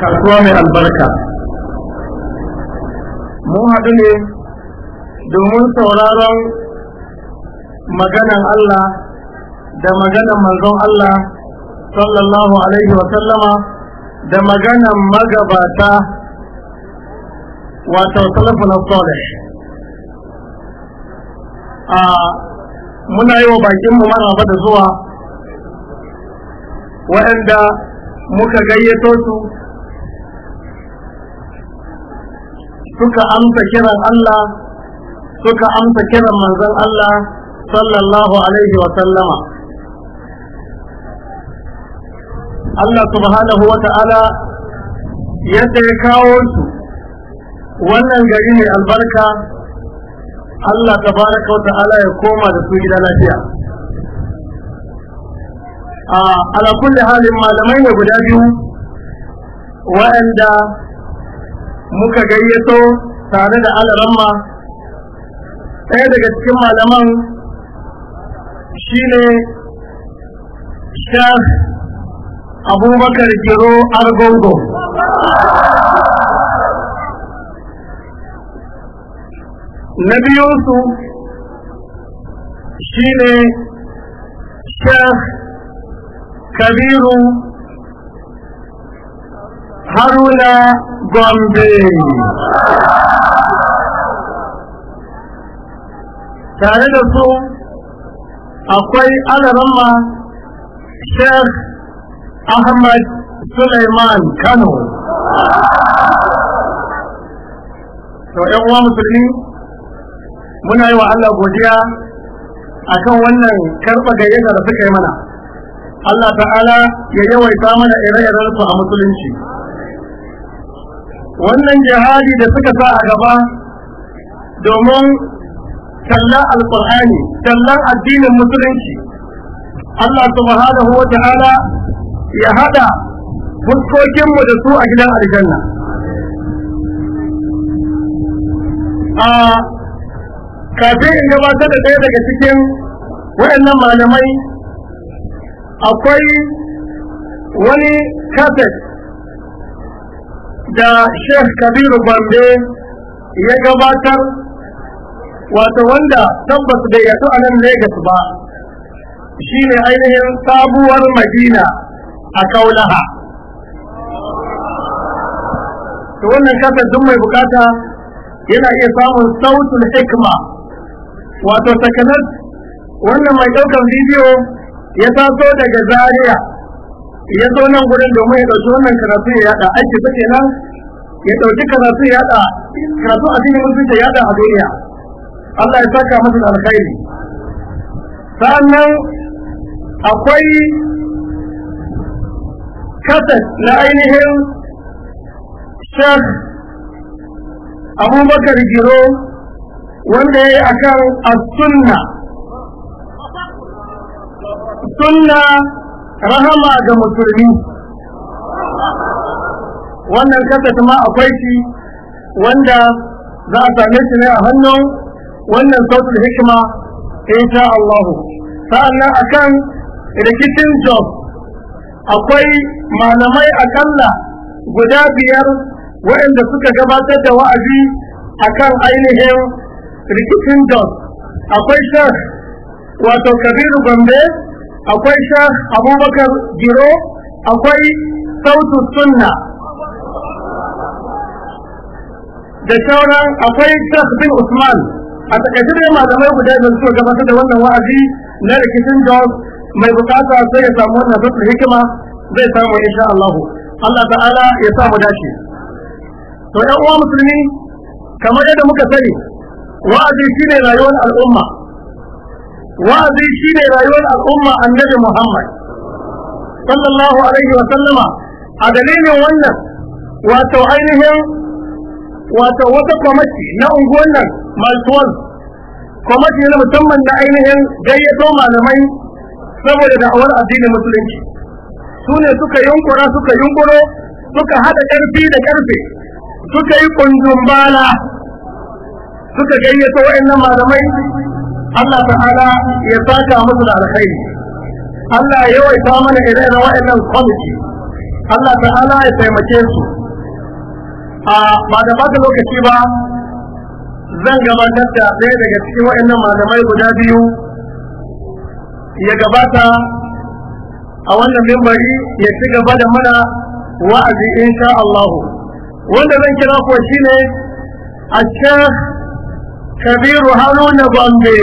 kasuwa mai albarka mun haɗu ne domin sauraron maganan Allah da maganan manzon Allah sallallahu alaihi wa da maganan magabata wato salafun salih a muna yi wa mu maraba da zuwa waɗanda muka gayyato su suka amsa kiran Allah suka amsa kiran manzon Allah sallallahu alaihi wa sallama Allah subhanahu wa ta'ala yadda ya kawo su wannan gari ne albarka Allah tabaraka wa ta'ala ya koma da su gida lafiya a ala kulli halin malamai ne guda biyu waɗanda muka gayyato tare da alaramma ɗaya daga cikin malaman shine shaf abubakar giro argongo na biyunsu shine shaf kabiru haruna gombe tare da su akwai alarama sheikh ahmad suleiman kano to yan uwa musulmi muna yi wa allah godiya akan wannan karɓa gayyata da suka yi mana allah ta'ala ya yawaita mana ire-iren a musulunci wannan jihadi da suka sa a gaba domin tallan alkur'ani tallan addinin musulunci Allah subhanahu wa ta'ala ya hada fuskokinmu da su a gidan aljanna a kafin in gabatar da ɗaya daga cikin waɗannan malamai akwai wani kafet da Sheikh Kabiru Bande ya gabatar wato wanda tabbas bai yato a nan Legas ba shi ne ainihin sabuwar Madina a Kaulaha to wannan kasar duk mai bukata yana iya samun sautin hikma wato takanar wannan mai ɗaukar bidiyo ya taso daga Zaria ya zo nan gurin domin ya ɗauki wannan karatu ya yada aiki ta nan ya ɗauki karatu ya yada karatu a cikin musulunci ya yada a duniya Allah ya saka masa da alkhairi sannan akwai kasas na ainihin shek abubakar giro wanda ya yi a kan sunna sunna rahama ga musulmi wannan kasa kuma akwai shi wanda za a same shi ne a hannun wannan sautul hikima insha Allah sa'annan akan rikicin job akwai malamai akalla guda biyar waɗanda suka gabatar da wa'azi akan ainihin rikicin job akwai shek wato kabiru gombe akwai shah abubakar giro akwai sautu sunna da sauran akwai shah bin usman a takaice dai malamai guda da suka gabatar da wannan wa'azi na rikicin jos mai bukata sai ya samu wannan zuwa hikima zai samu insha Allah Allah ta'ala ya samu dace to ƴan uwa musulmi kamar yadda muka sani wa'azi shine rayuwar al'umma wa'azi ne rayuwar al'umma annabi Muhammad sallallahu alaihi wa sallama a dalilin wannan wato ainihin wato wata kwamati na unguwan nan maltuwan kwamati na musamman na ainihin gayyato malamai saboda da'awar addinin musulunci su ne suka yunkura suka yunkuro suka haɗa ƙarfi da ƙarfe suka yi kundun bala suka gayyato wa'annan malamai Allah ta'ala ya saka musu da alkhairi Allah ya yawaita mana irin wa'annan kwamiti Allah ta'ala ya taimake su a ba da bata lokaci ba zan gabatar da ɗaya daga cikin wa'annan malamai guda biyu ya gabata a wannan mimbari ya ci gaba da mana wa'azi insha Allah wanda zan kira ko shine a Sheikh كبير هارون بامبي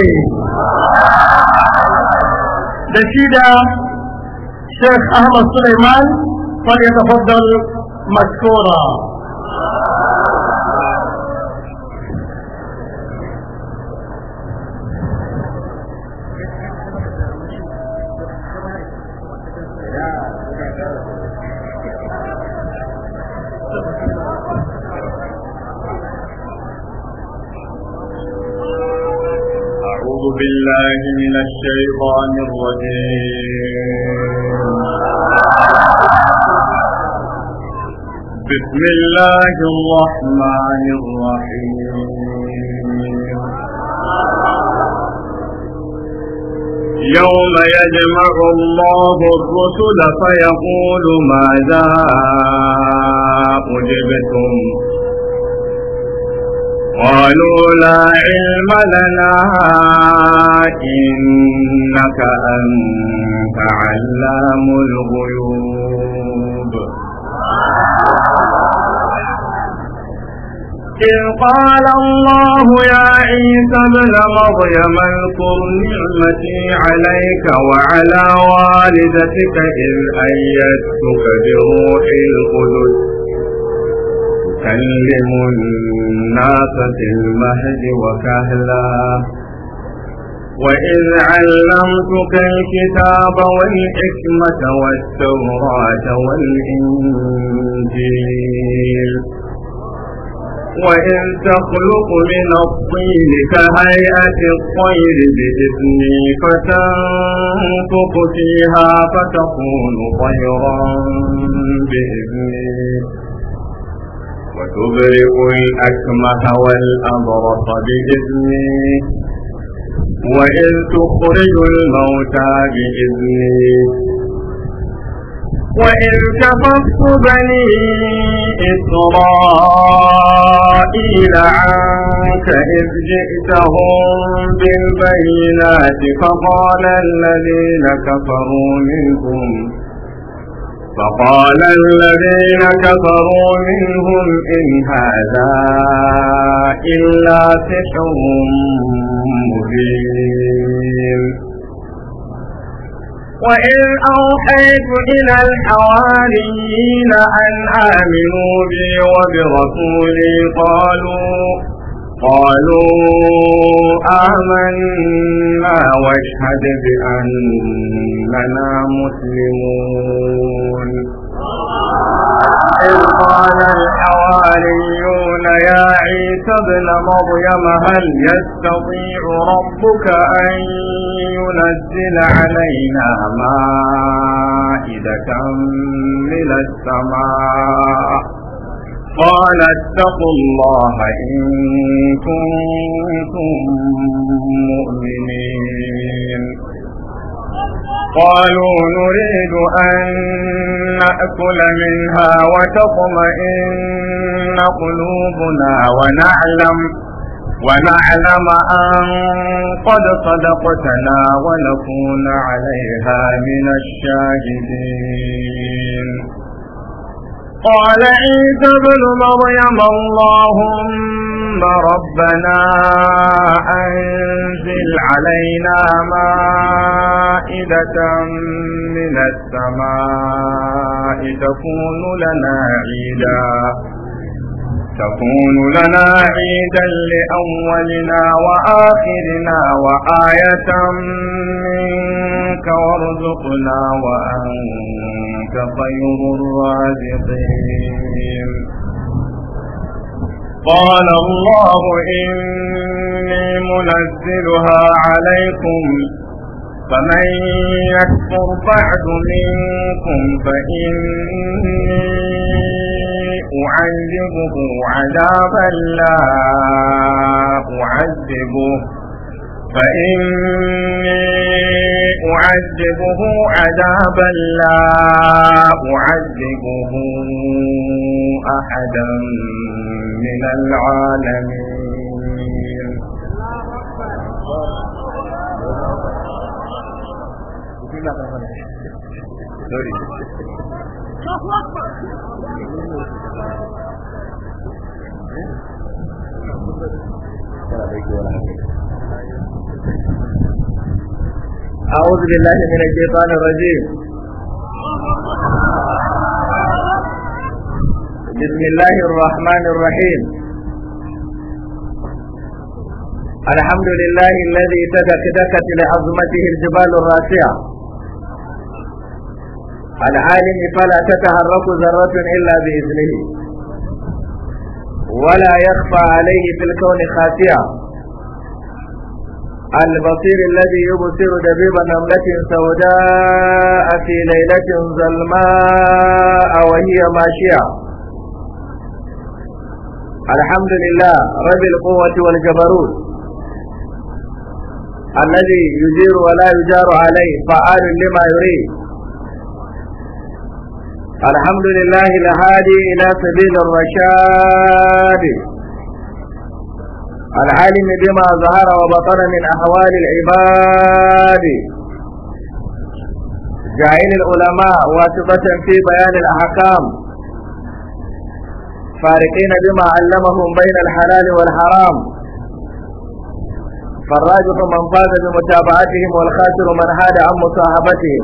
بشيدا شيخ احمد سليمان فليتفضل مشكورا بالله من الشيطان الرجيم بسم الله الرحمن الرحيم يوم يجمع الله الرسل فيقول ماذا أجبتم قالوا لا علم لنا إنك أنت علام الغيوب إذ قال الله يا عيسى ابن مريم اذكر نعمتي عليك وعلى والدتك إذ أيدتك بروح القدس تكلم الناس في المهد وكهلا وإذ علمتك الكتاب والحكمة والتوراة والإنجيل وإن تخلق من الطين كهيئة الطير بإذني فتنفق فيها فتكون طيرا بإذني وتبرئ الأكمه والأبرص بإذني وإذ تخرج الموتى بإذني وإذ كففت بني إسرائيل عنك إذ جئتهم بالبينات فقال الذين كفروا منهم فقال الذين كفروا منهم إن هذا إلا سحر مبين وإذ أوحيت إلى الحواريين أن آمنوا بي وبرسولي قالوا قالوا آمنا واشهد بأننا مسلمون إذ قال الحواريون يا عيسى ابن مريم هل يستطيع ربك أن ينزل علينا مائدة من السماء قال اتقوا الله إن كنتم مؤمنين قالوا نريد أن نأكل منها وتطمئن قلوبنا ونعلم ونعلم أن قد صدقتنا ونكون عليها من الشاهدين قال عيسى بن مريم اللهم ربنا أنزل علينا مائدة من السماء تكون لنا عيدا تكون لنا عيدا لأولنا وآخرنا وآية منك وارزقنا وأنت خير الرازقين قال الله إني منزلها عليكم فمن يكفر بعد منكم فإني أعذبه عذابا لا أعذبه فإني أعذبه عذابا لا أعذبه أحدا من العالمين you. أعوذ بالله من الشيطان الرجيم بسم الله الرحمن الرحيم الحمد لله الذي تدكدكت لعظمته الجبال الراسعة العالم فلا تتحرك ذرة إلا بإذنه ولا يخفى عليه في الكون خافية البصير الذي يبصر دبيب نملة سوداء في ليلة ظلماء وهي ماشية الحمد لله رب القوة والجبروت الذي يجير ولا يجار عليه فعال لما يريد الحمد لله الهادي إلى سبيل الرشاد العالم بما ظهر وبطن من أحوال العباد جاهل العلماء واسطة في بيان الأحكام فارقين بما علمهم بين الحلال والحرام فالراجح من فاز بمتابعتهم والخاسر من هاد عن مصاحبتهم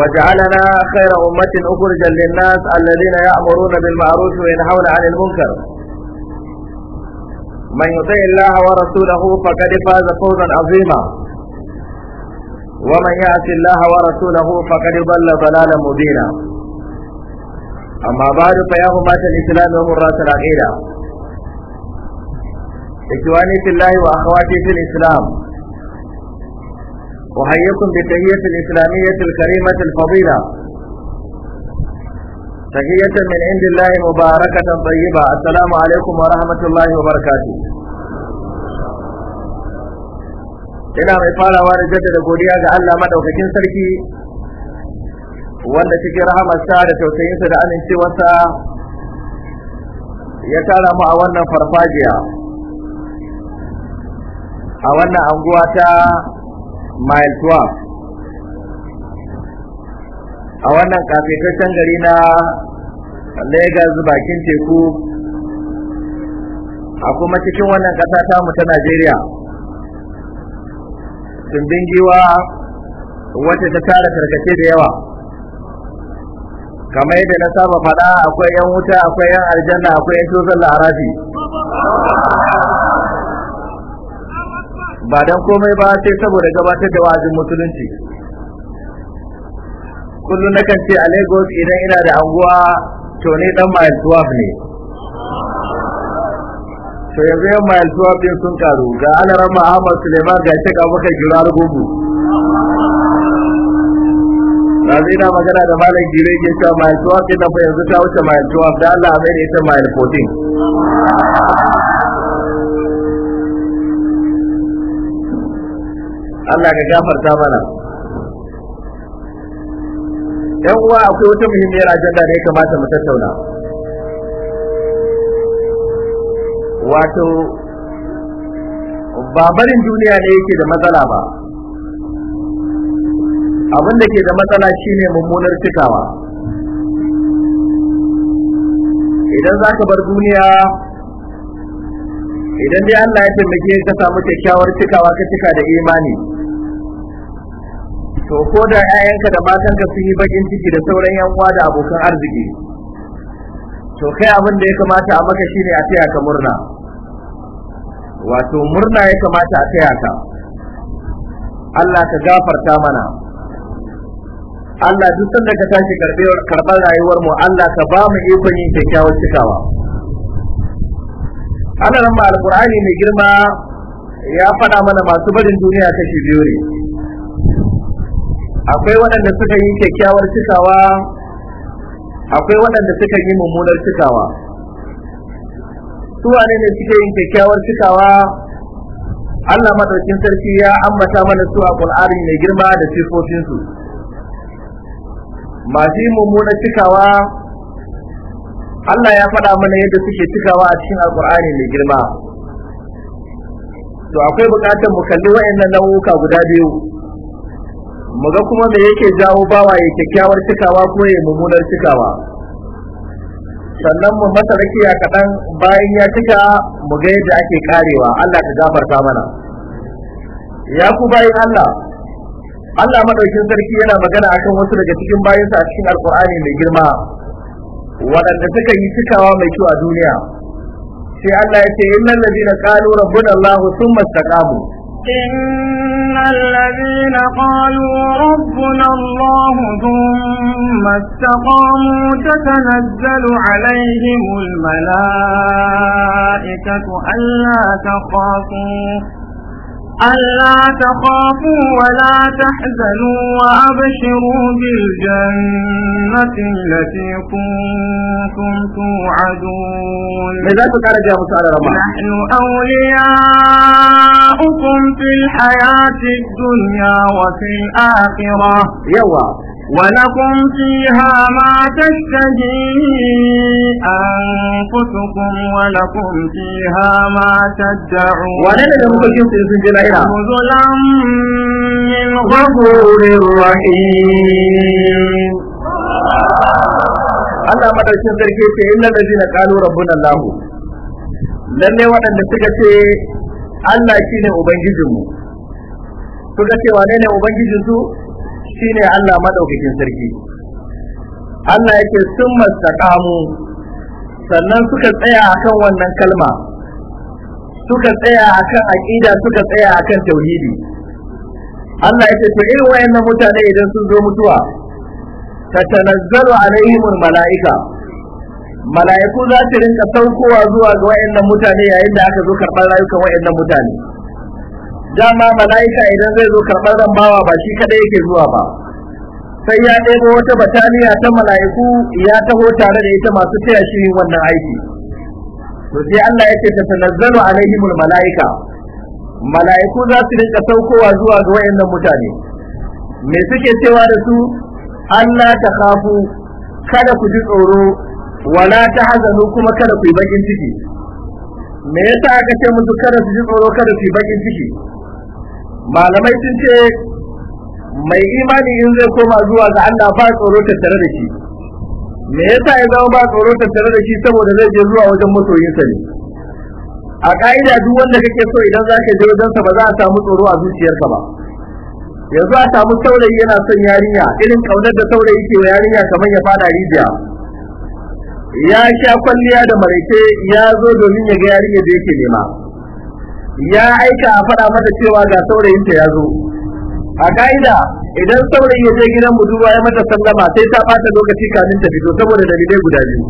وجعلنا خير أمة أخرجا للناس الذين يأمرون بالمعروف وينهون عن المنكر من يطيع الله ورسوله فقد فاز فوزا عظيما ومن يعص الله ورسوله فقد ضل ضلالا مبينا أما بعد فيا أمة الإسلام ومرات العقيدة إخواني في الله وأخواتي في الإسلام أحييكم بالتهية الإسلامية الكريمة الفضيلة تهية من عند الله مباركة طيبة السلام عليكم ورحمة الله وبركاته ina mai farawa da jaddada godiya ga Allah madaukakin sarki wanda cikin rahamarsa da tausayinsa da amincewarsa ya tara mu a wannan farfajiya a wannan anguwa ta mile 12 a wannan kafetaccen gari na Legas bakin teku a kuma cikin wannan ƙasa tamu ta Najeriya tumbin giwa wacce ta tara tarkace da yawa kamar yadda na saba faɗa akwai 'yan wuta akwai 'yan aljanna akwai 'yan tozon larabi ba dan komai ba sai saboda gabatar da wa'azin musulunci kullum kan ce a Lagos idan ina da anguwa to ne dan mile 12 ne to yanzu yan mile 12 din sun karu ga alaran Ahmad Suleiman ga shi muka girar gugu Rabi na magana da malam jire ke cewa mile 12 din da yanzu ta wuce mile 12 da Allah mai ne ta mile 14 Allah ka gafarta mana yan uwa akwai wata muhimmiyar ajanda da ya kamata mu tattauna wato ba barin duniya ne yake da matsala ba abin da ke da matsala shine mummunar cikawa idan za ka bar duniya idan dai Allah ya taimake ka samu kyakkyawar cikawa ka cika da imani to ko da ƴaƴanka da matanka sun yi bakin ciki da sauran yan uwa da abokan arziki to kai abin da ya kamata a maka shine a taya ka murna wato murna ya kamata a taya ka Allah ka gafarta mana Allah duk sanda ka tashi karbewar karban rayuwar mu Allah ka ba mu ikon yin kyakkyawar cikawa Allah ran alqur'ani mai girma ya faɗa mana masu barin duniya kashi biyu ne akwai waɗanda suka yi kyakkyawar cikawa akwai waɗanda suka yi mummunar cikawa su wane ne suke yin kyakkyawar cikawa Allah madaukin sarki ya ambata mana su a Qur'ani mai girma da sifofin su masu yi mummunar cikawa Allah ya faɗa mana yadda suke cikawa a cikin Alƙur'ani mai girma to akwai buƙatar mu kalli waɗannan nau'uka guda biyu muga kuma me yake jawo bawa ya kyakkyawar cikawa ko ya mummunar cikawa sannan mu masa rakiya kaɗan bayan ya cika mu ga yadda ake karewa Allah ka gafarta mana ya ku bayan Allah Allah madaukin sarki yana magana akan wasu daga cikin bayansa a cikin alkur'ani mai girma waɗanda suka yi cikawa mai kyau a duniya sai Allah ya ce innal ladina qalu rabbuna Allah thumma istaqamu إن الذين قالوا ربنا الله ثم استقاموا تتنزل عليهم الملائكة ألا تخافوا ألا تخافوا ولا تحزنوا وأبشروا بالجنة التي كنتم توعدون نحن أولياؤكم في الحياة الدنيا وفي الآخرة يوه ولكم فيها ما تشتهي أنفسكم ولكم فيها ما تدعون نزلا من غفور رحيم Allah madaukin sarki ce innal ladina qalu rabbuna Allah lalle waɗanda suka ce Allah shine ubangijinmu suka ce wane ubangijinsu shine Allah maɗaukakin sarki Allah yake sun mastaqamu sannan suka tsaya akan wannan kalma suka tsaya akan aƙida suka tsaya akan tauhidi Allah yake to irin wayannan mutane idan sun zo mutuwa tanazzalu alaihimul malaika mala'iku za su rinka saukowa zuwa ga wayannan mutane yayin da aka zo karɓar rayukan wayannan mutane dama mala'ika idan zai zo karɓar ran ba shi kaɗai yake zuwa ba sai ya ɗebo wata bataliya ta mala'iku ya taho tare da ita masu taya shi wannan aiki to sai Allah yake ta tanazzalu alaihimul mala'ika mala'iku za su rinka saukowa zuwa ga wayannan mutane me suke cewa da su Allah ta kafu kada ku ji tsoro wala ta hazanu kuma kada ku yi bakin ciki me yasa aka ce musu kada su ji tsoro kada su yi bakin ciki malamai sun ce mai imani in zai koma zuwa ga Allah ba tsoro tattare da shi me yasa ya zama ba tsoro tattare da shi saboda zai je zuwa wajen masoyinsa ne a ka'ida duk wanda kake so idan za ka je wajensa ba za a samu tsoro a zuciyarka ba yanzu a samu saurayi yana son yarinya irin kaunar da saurayi ke wa yarinya kamar ya fada rijiya ya sha kwalliya da maraice ya zo domin ya ga yarinya da yake nema ya aika a faɗa mata cewa ga saurayinta ya zo a ka'ida idan saurayi ya je gidan budurwa ya mata sallama sai ta bata lokaci kamin ta fito saboda dalilai guda biyu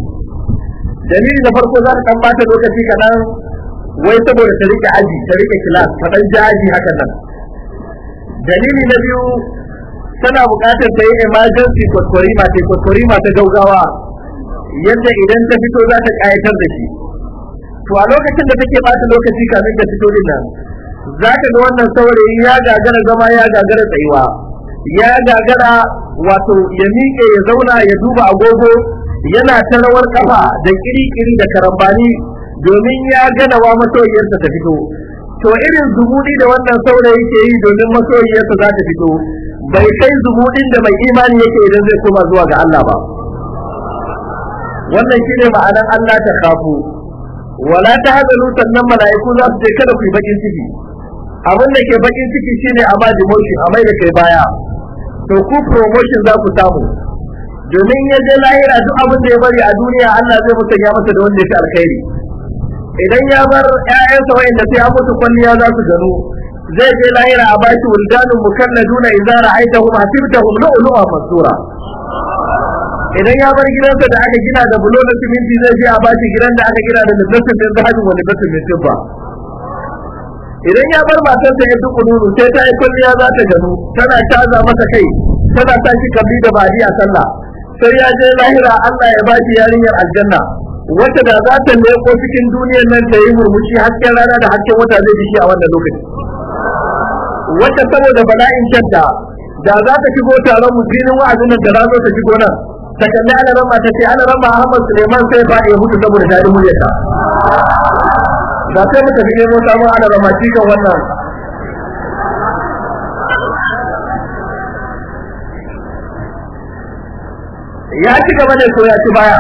dalili da farko za ta ɗan bata lokaci kaɗan wai saboda ta rike aji ta rike kilas ta dan ji aji haka nan dalili na biyu tana buƙatar ta yi emergency kwaskwarima ta kwaskwarima ta gaugawa yadda idan ta fito za ta ƙayatar da shi to a lokacin da take bata lokaci kafin ta fito din nan ka ga wannan saurayi ya gagara zama ya gagara tsayuwa ya gagara wato ya miƙe ya zauna ya duba agogo yana ta rawar kafa da kirikiri da karambani domin ya ganawa masoyiyarsa ta fito to irin zumudi da wannan saurayi ke yi domin masoyiyarsa za ta fito bai kai zumudin da mai imani yake idan zai koma zuwa ga Allah ba wannan shine ma'anar Allah ta kafu wala ta hazalu sannan mala'iku za su ce kada ku yi bakin ciki abin da ke bakin ciki shine a ba demotion a mai da kai baya to ku promotion za ku samu domin ya je lahira duk abin da ya bari a duniya Allah zai mutu ya masa da wanda ya fi alkhairi idan ya bar ƴaƴansa wa'inda sai ya mutu kwalliya za su gano zai je lahira a bashi wuldanun mukannaduna idza ra'aytahum hasibtahum lu'lu'a masura idan ya bar gidansa da aka gina da bulo na siminti zai je a bashi gidan da aka gina da libatin da zahabin wa libatin mai fidda idan ya bar matarsa ya duk nuru sai ta yi kulliya za ta gano tana caza masa kai tana sa shi kalli da bari a sallah sai ya je lahira Allah ya bashi yarinyar aljanna wata da za ta leko cikin duniyar nan ta yi murmushi hasken rana da hasken wata zai bishi a wannan lokaci wata saboda bala'in shadda da za ta shigo taron musulmin wa'azin da za ta shigo nan ta kalli ana rama ta ce ana rama Ahmad Suleiman sai faɗi ya mutu saboda tari muryarsa da sai muka fi nemo samun ana rama shi kan wannan ya ci gaba da so ya ci baya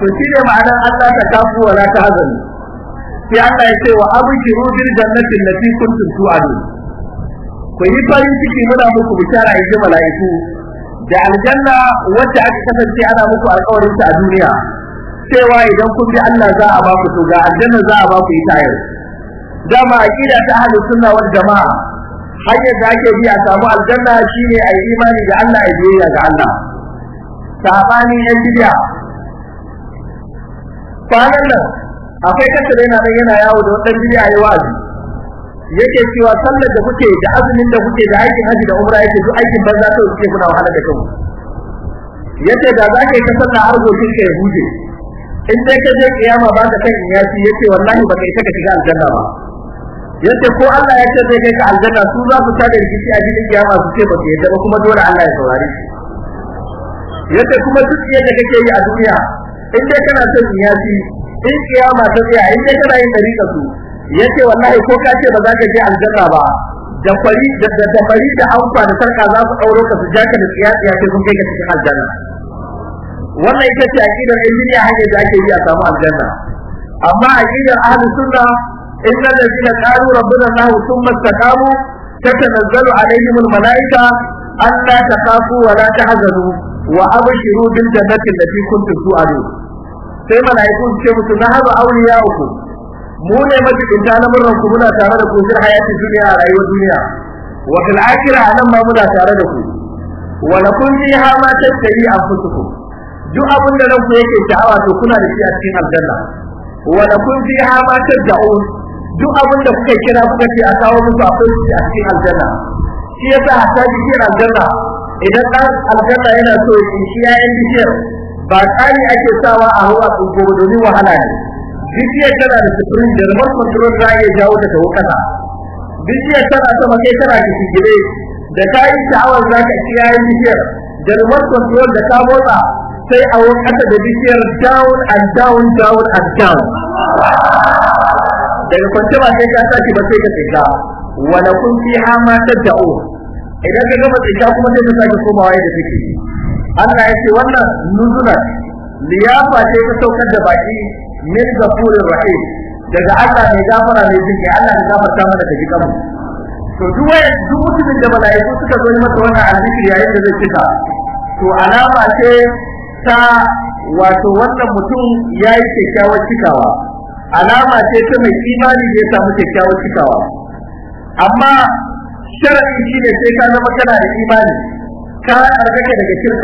to shi ne ma'anar Allah ta kafu wa na ta hazani sai Allah ya ce wa abshiru bil jannati allati kuntum tu'adun ku yi farin ciki muna muku bishara yaji mala'iku da aljanna wacce aka kasance ana muku alƙawarin ta a duniya cewa idan kun bi Allah za a ba ku to ga aljanna za a ba ku ita yau dama aqida ta ahli sunna wal jamaa hanyar da ake bi a samu aljanna shine ai imani da Allah ai biyayya ga Allah sabani na bidiya kwanan nan akwai kasar yana yana yawo da wadannan bidiya yayi wa'azi yake cewa sallar da kuke da azumin da kuke da aikin haji da umra yake duk aikin banza kai kuke kuna wahala da kanku yace da za yi ta sallah har gobe ka huje in dai ka je kiyama ba ka san iyasi yace wallahi ba kai ka shiga aljanna ba yace ko Allah ya ce kai ka aljanna su za su tada rikici a cikin kiyama su ce ba ke yadda ba kuma dole Allah ya saurare shi yace kuma duk yadda kake yi a duniya in dai kana son iyasi in kiyama ta tsaya in dai kana yin dariƙa su Yake wallahi ko ka ce ba za ka je aljanna ba da fari da da fari da an fara sarka za su aure ka su ja ka da siyasa ya ce kun kai ka cikin aljanna wannan ita ce aqidar injiniya hanyar da ake yi a samu aljanna amma aqidar ahli sunna inna alladhina qalu rabbana allah thumma istaqamu tatanazzalu alaihim almalaika alla takhafu wa la tahzanu wa abshiru bil jannati allati kuntum tu'adun sai malaikun ce musu na haba auliya'ukum mu ne majibinta na murnar ku muna tare da ku fil hayati duniya a rayuwar duniya wa fil akhirah nan ma muna tare da ku wa lakum fiha ma tastahi anfusukum duk abin da ranku yake sha'awa to kuna da shi a cikin aljanna wa lakum fiha ma tad'un duk abin da kuka kira kuka ce a kawo muku akwai shi a cikin aljanna shi yasa hatta cikin aljanna idan dan aljanna yana so shi ya yi bishiyar ba kari ake sawa a ruwa ko domin wahala ne bishiyar tana da sufurin da remote control za iya jawo daga kawo kasa bishiyar tana sama kai tana cikin gide da ta yi sha'awar za ka ci yayin bishiyar da remote control da ta motsa sai a wani da bishiyar down and down down and down daga kwance ba sai ka sake ba sai ka tsika wala kun fi hama tad'u idan ka gama tsika kuma sai ka sake komawa yadda kake Allah ya ce wannan nuzula liyafa ce ta saukar da baki min ghafurir rahim daga Allah mai gafara mai jinki Allah ya gafarta mana da jikan to duk duk mutumin da malaiku suka zo masa wannan alheri yayin da zai cika to alama ce ta wato wannan mutum yayi kyakkyawar cikawa alama ce ta mai imani zai samu kyakkyawar cikawa amma sharadi shi ne sai ka zama kana da imani ka tsarkaka daga shirka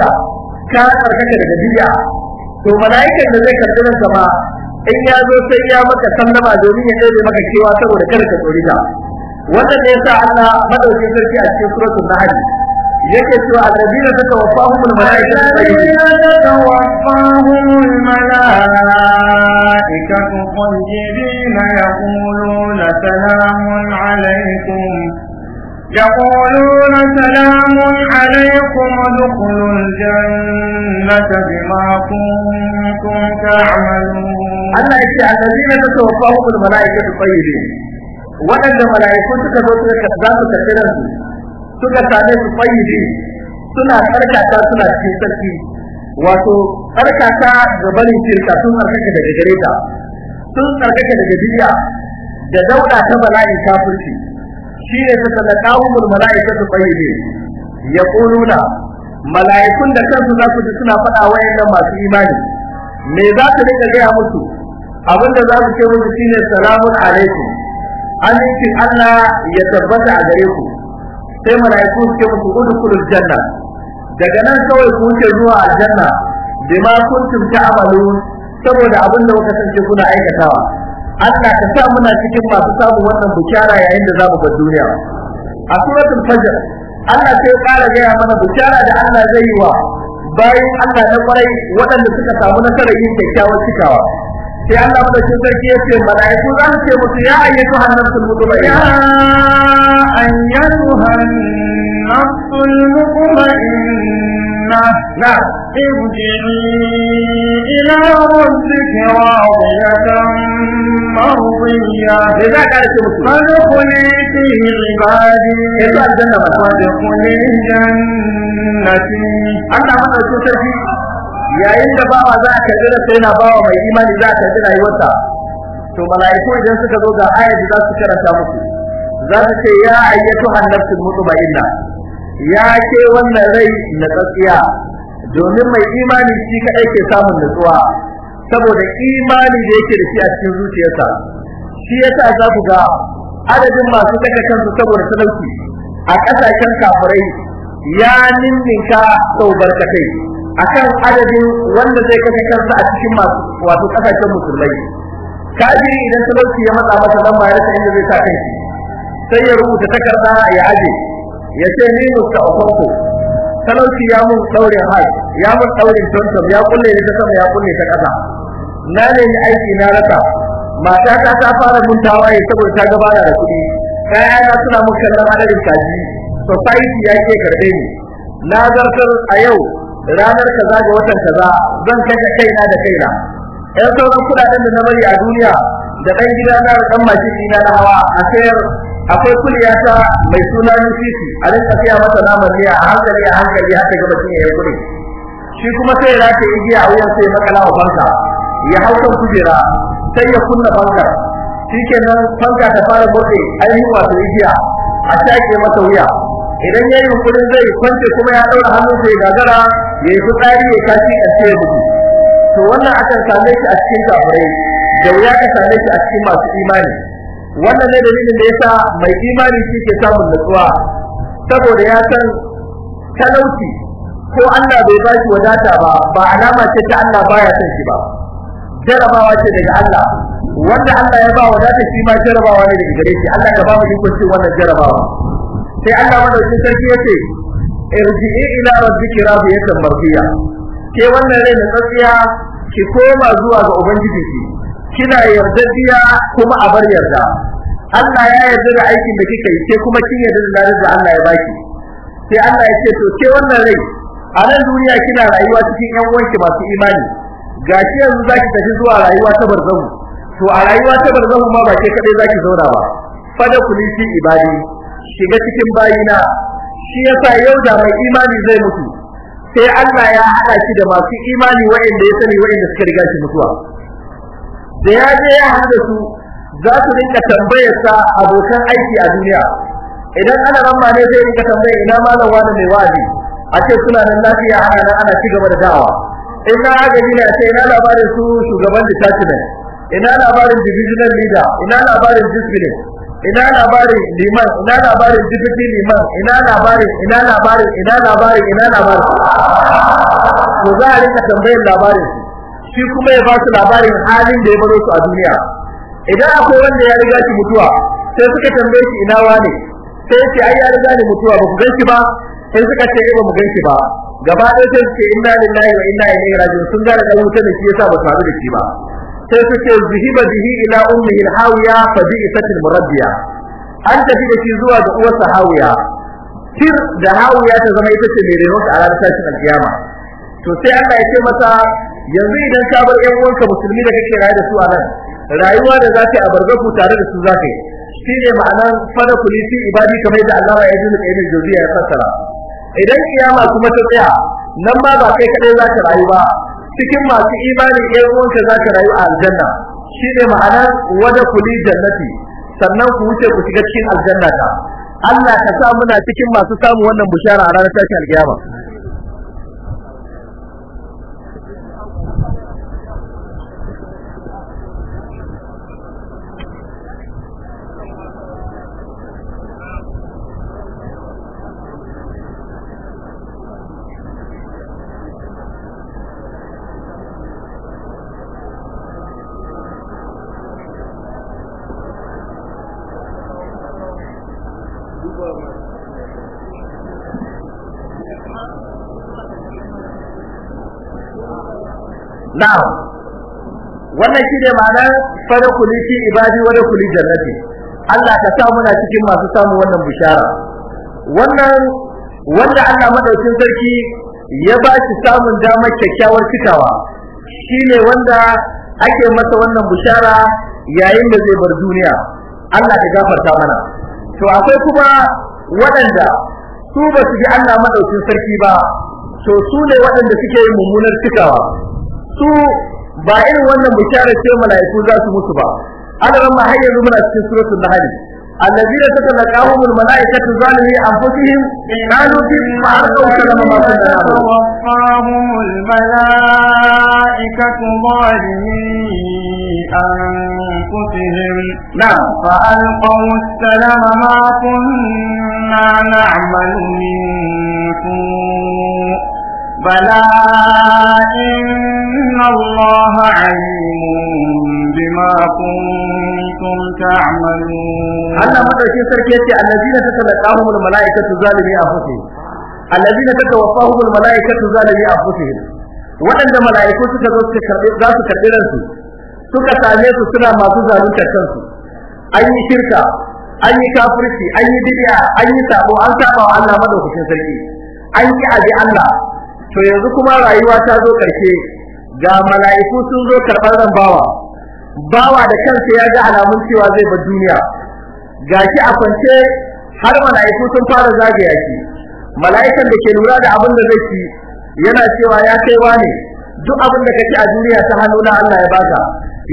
ka tsarkaka daga bid'a to malaikan da zai karbi nan sama in ya zo sai ya maka sallama domin ya ɗaure maka cewa saboda kar ka tsori ta wannan ne yasa Allah madaukin sarki a cikin suratul nahl yake cewa alladina tatawaffahum almalaikatu alladina tatawaffahum almalaikatu yaquluna salamun alaykum يقولون سلام عليكم ادخلوا الجنة بما كنتم تعملون الله يكي الذين تتوفاهم الملائكة الطيبين وأن الملائكة تتوفى كذاب كثيرا suka same su fayyace suna karkata suna cikin sarki wato karkata da barin cirka sun harkaka daga gare ta sun karkaka daga bidiya da dauda ta bala'i kafirci shine tatalaqahumul malaikatu tayyibin yaquluna malaikun da kansu za su ji suna faɗa wayannan masu imani me za ka rika gaya musu abinda za ku ce musu shine salamun alaikum amincin Allah ya tabbata a gare ku sai malaiku su ce musu udkhulul janna daga nan kawai ku wuce zuwa aljanna bima kuntum ta'malun saboda abinda kuka san kuna aikatawa Allah ka sa muna cikin masu samun wannan bukara yayin da zamu bar duniya a suratul fajr Allah sai ya fara gaya mana bukara da Allah zai yi wa bayan Allah na kwarai waɗanda suka samu nasarar yin kyakkyawar cikawa sai Allah shi sarki ya ce mala'iku za su ce musu ya ayyatu hannasul mutmainna ya ayyatu hannasul mutmainna النهر ارجعي إلى ربك راضية مرضية فادخلي في عبادي وادخلي جنتي أنا هذا الكتب yayin da bawa za ka jira sai na bawa mai imani za ka jira rayuwarsa to mala'iku idan suka zo ga ayati za su karanta musu za su ce ya ayyatu ya ce wannan rai na tsakiya domin mai imani shi ka ke samun nutsuwa saboda imani da yake da shi a cikin zuciyarsa shi yasa za ku ga adadin masu daga kansu saboda talauci a ƙasashen kafirai ya ninninka sau barkatai akan adadin wanda zai kashe kansa a cikin masu wato ƙasashen musulmai kafiri idan talauci ya matsa masa lamba ya rasa inda zai sa kai sai ya rubuta takarda ya ajiye ya ce ni musta'afanku talauci ya mun daure hajj ya mun daurin tantam ya kulle ni ta sama ya kulle ta kasa na ne ni aiki na rasa mata ta ta fara mun tawaye saboda ta gabara da kuɗi kaya na suna mun kallon adadin kaji sai ya ke karɓe ni na zartar a yau ranar kaza ga watan kaza zan kashe kaina da kaina ɗan sauran kuɗaɗen da na bari a duniya da ɗan gida na da ɗan mashin na hawa a sayar akwai kuliya ta mai suna nufisi a rinka siya mata naman miya a hankali a hankali har ta gaba cinye ya shi kuma sai ya yi igiya a wuyan sai makala wa banka ya hau kan kujera sai ya kunna bankar nan, banka ta fara buɗe ainihin wato igiya a take mata wuya idan ya yayi yunkurin zai kwance kuma ya daura hannun sai gagara ya yi fitsari ya kashi a ce mutu to wannan akan same shi a cikin kafirai da wuya ka same shi a cikin masu imani wannan ne dalilin da yasa mai imani shi ke samun nutsuwa saboda ya san talauci ko Allah bai ba shi wadata ba ba alama ce ta Allah baya son shi ba jarabawa ce daga Allah wanda Allah ya ba wadata shi ma jarabawa ne daga gare shi Allah ka ba mu iko cin wannan jarabawa sai Allah madaukakin sarki yace irji'i ila rabbiki radiyatan mardiya ke wannan rai na tsatsiya ki koma zuwa ga ubangiji kina yarda biya kuma a bar yarda Allah ya yarda da aikin da kika yi sai kuma kin yarda da rizqi Allah ya baki sai Allah ya ce to ke wannan rai a nan duniya kina rayuwa cikin yan uwanki masu imani gashi yanzu zaki tafi zuwa rayuwa ta barzahu to a rayuwa ta barzahu ma ba ke kadai zaki zauna ba fada kuli fi ibadi shiga cikin bayina shi yasa yau da mai imani zai mutu sai Allah ya hada shi da masu imani wa'anda ya sani wa'anda suka riga shi mutuwa da ya je ya haɗu su za su rinka tambayar sa abokan aiki a duniya idan ana ramma ne zai rinka tambaya ina malam wani mai wa'azi a ce suna nan lafiya ana nan ana ci gaba da dawa in na agaji ne sai ina labarin su shugaban detachment ina labarin divisional leader ina labarin discipline ina labarin liman ina labarin deputy liman ina labarin ina labarin ina labarin ina labarin ko za a rinka tambayar labarin su shi kuma ya ba su labarin halin da ya baro su a duniya idan akwai wanda ya riga shi mutuwa sai suka tambaye shi ina wane sai ce ai ya riga ni mutuwa ba ku gan shi ba sai suka ce eh, ba mu gan shi ba gaba ɗaya sai suke inna lillahi wa inna ilaihi raji'un sun gane dan wuta ne shi yasa ba su haɗu da shi ba sai suke zuhiba bihi ila ummihi al fa bi'sat al-murabbiya an tafi da shi zuwa ga uwarsa hawiya sir da hawiya ta zama ita ce mai renon a ranar tashin alkiyama to sai Allah ya ce masa yanzu idan ka bar ƴan uwanka musulmi da kake raye da su a nan rayuwa da za ka yi a barzaku tare da su za ka yi shi ne ma'anar fada kuli fi ibadi kamar da Allah ya yi da ya fassara idan kiyama kuma ta tsaya nan ma ba kai kaɗai za ka rayu ba cikin masu imani 'yan uwanka za ka rayu a aljanna shi ne ma'anar wada kuli jannati sannan ku wuce ku shiga cikin aljanna ta Allah ka sa muna cikin masu samun wannan bushara a ranar tashin alkiyama na'am wannan shine ma'anar kuli fi ibadi wa kuli jannati Allah ka sa muna cikin masu samu wannan bishara wannan wanda Allah madaukin sarki ya ba shi samun damar kyakkyawar cikawa shine wanda ake masa wannan bishara yayin da zai bar duniya Allah ka gafarta mana to akwai kuma waɗanda su ba su ji Allah madaukin sarki ba to su ne waɗanda suke yin mummunar fitawa. su ba irin wannan bishara ce mala'iku za su mutu ba alaran ma har yanzu muna cikin suratul nahl alladheena tatalaqahum almala'ikatu zalimi anfusihim qalu bi ma'ruf kalama ma kunna na'lamu almala'ikatu zalimi anfusihim na'am fa'alqaw salama ma kunna na'malu min بلى إن الله عليم بما كنتم تعملون الله مدركين سركيتي الذين تتلقاهم الملائكة ظالمي أنفسهم الذين تتوفاهم الملائكة ظالمي أنفسهم waɗanda mala'iku suka zo suka karɓe za su karɓi suka same su suna masu zalunta kansu an yi shirka an yi kafirci an yi bid'a an yi sabo an saba wa Allah madaukakin sarki an yi abi Allah to yanzu kuma rayuwa ta zo karshe ga mala'iku sun zo karɓar ran bawa bawa da kansa ya ga alamun cewa zai ba duniya ga shi a kwance har mala'iku sun fara zagaya shi mala'ikan da ke lura da abin da zai ci yana cewa ya kai ne, duk abin da kake a duniya ta hannu na Allah ya baka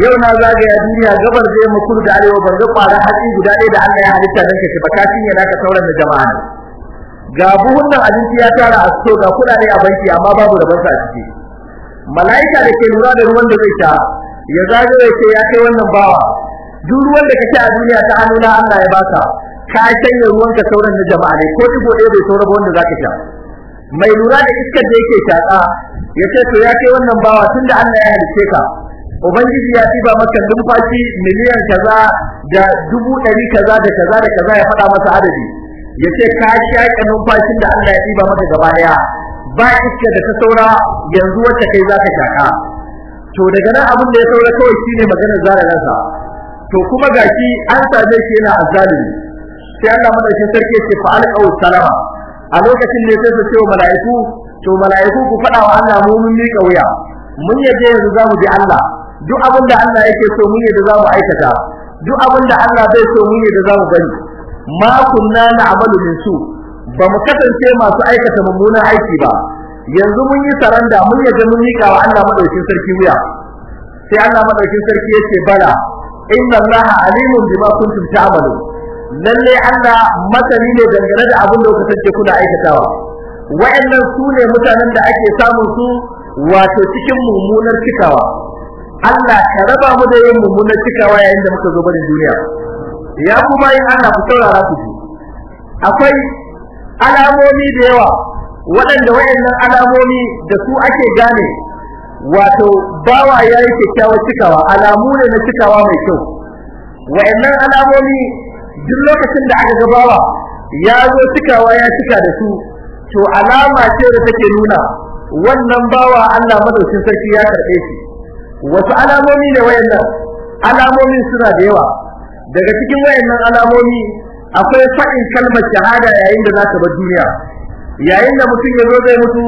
yau na zagaya duniya gabar zai mu da arewa ban ga kwara hatsi guda ɗaya da Allah ya halitta dan kake baka cinye naka sauran da jama'a ga buhun nan abinci ya tara a sto ga kuɗaɗe a banki amma babu da banka a ciki mala'ika da ke lura da ruwan da zai sha ya zage da ke ya kai wannan bawa duk ruwan da kake a duniya ta na Allah ya baka ka ruwan ka sauran na jama'a ne ko digo ɗaya bai saura wanda zaka sha mai lura da iskar da yake shaka yace to ya kai wannan bawa tun da Allah ya halice ka ubangiji ya tiba maka numfashi miliyan kaza da dubu ɗari kaza da kaza da kaza ya faɗa masa adadi ya ce ka shaƙe numfashin da Allah ya ɗiba maka gaba ɗaya ba iska da ta saura yanzu wacce kai za ka shaƙa to daga nan abin da ya saura kawai shine maganar zara to kuma gashi an same shi yana azzalimi sai Allah madaukakin sarki ce fa alqau salama a lokacin ya sai ce wa mala'iku to mala'iku ku faɗa wa Allah mu mun mika wuya mun yaje yanzu za mu bi Allah duk abin da Allah yake so mun yaje za mu aikata duk abin da Allah bai so mun yaje za mu bari ma kunna na'malu min su ba mu kasance masu aikata mummunan aiki ba yanzu mun yi saranda mun yaje mun mika wa Allah madaukin sarki wuya sai Allah madaukin sarki yace bala inna Allah alimun bima kuntum ta'malu lalle Allah masani ne dangane da abin da kuka tace kuna aikatawa wa'annan su ne mutanen da ake samun su wato cikin mummunar cikawa Allah ka raba mu da yin mummunar cikawa yayin da muka zo barin duniya ya kuma yin ana ku saurara ku ji akwai alamomi da yawa waɗanda wayannan alamomi da su ake gane wato bawa yayi kyakkyawar cikawa alamu ne na cikawa mai kyau wayannan alamomi duk lokacin da aka ga bawa ya zo cikawa ya cika da su to alama ce da take nuna wannan bawa Allah madaukin sarki ya karɓe shi wasu alamomi ne wayannan alamomi suna da yawa daga cikin wayannan alamomi akwai faɗin kalmar shahada yayin da za ta bar duniya yayin da mutum ya zo zai mutu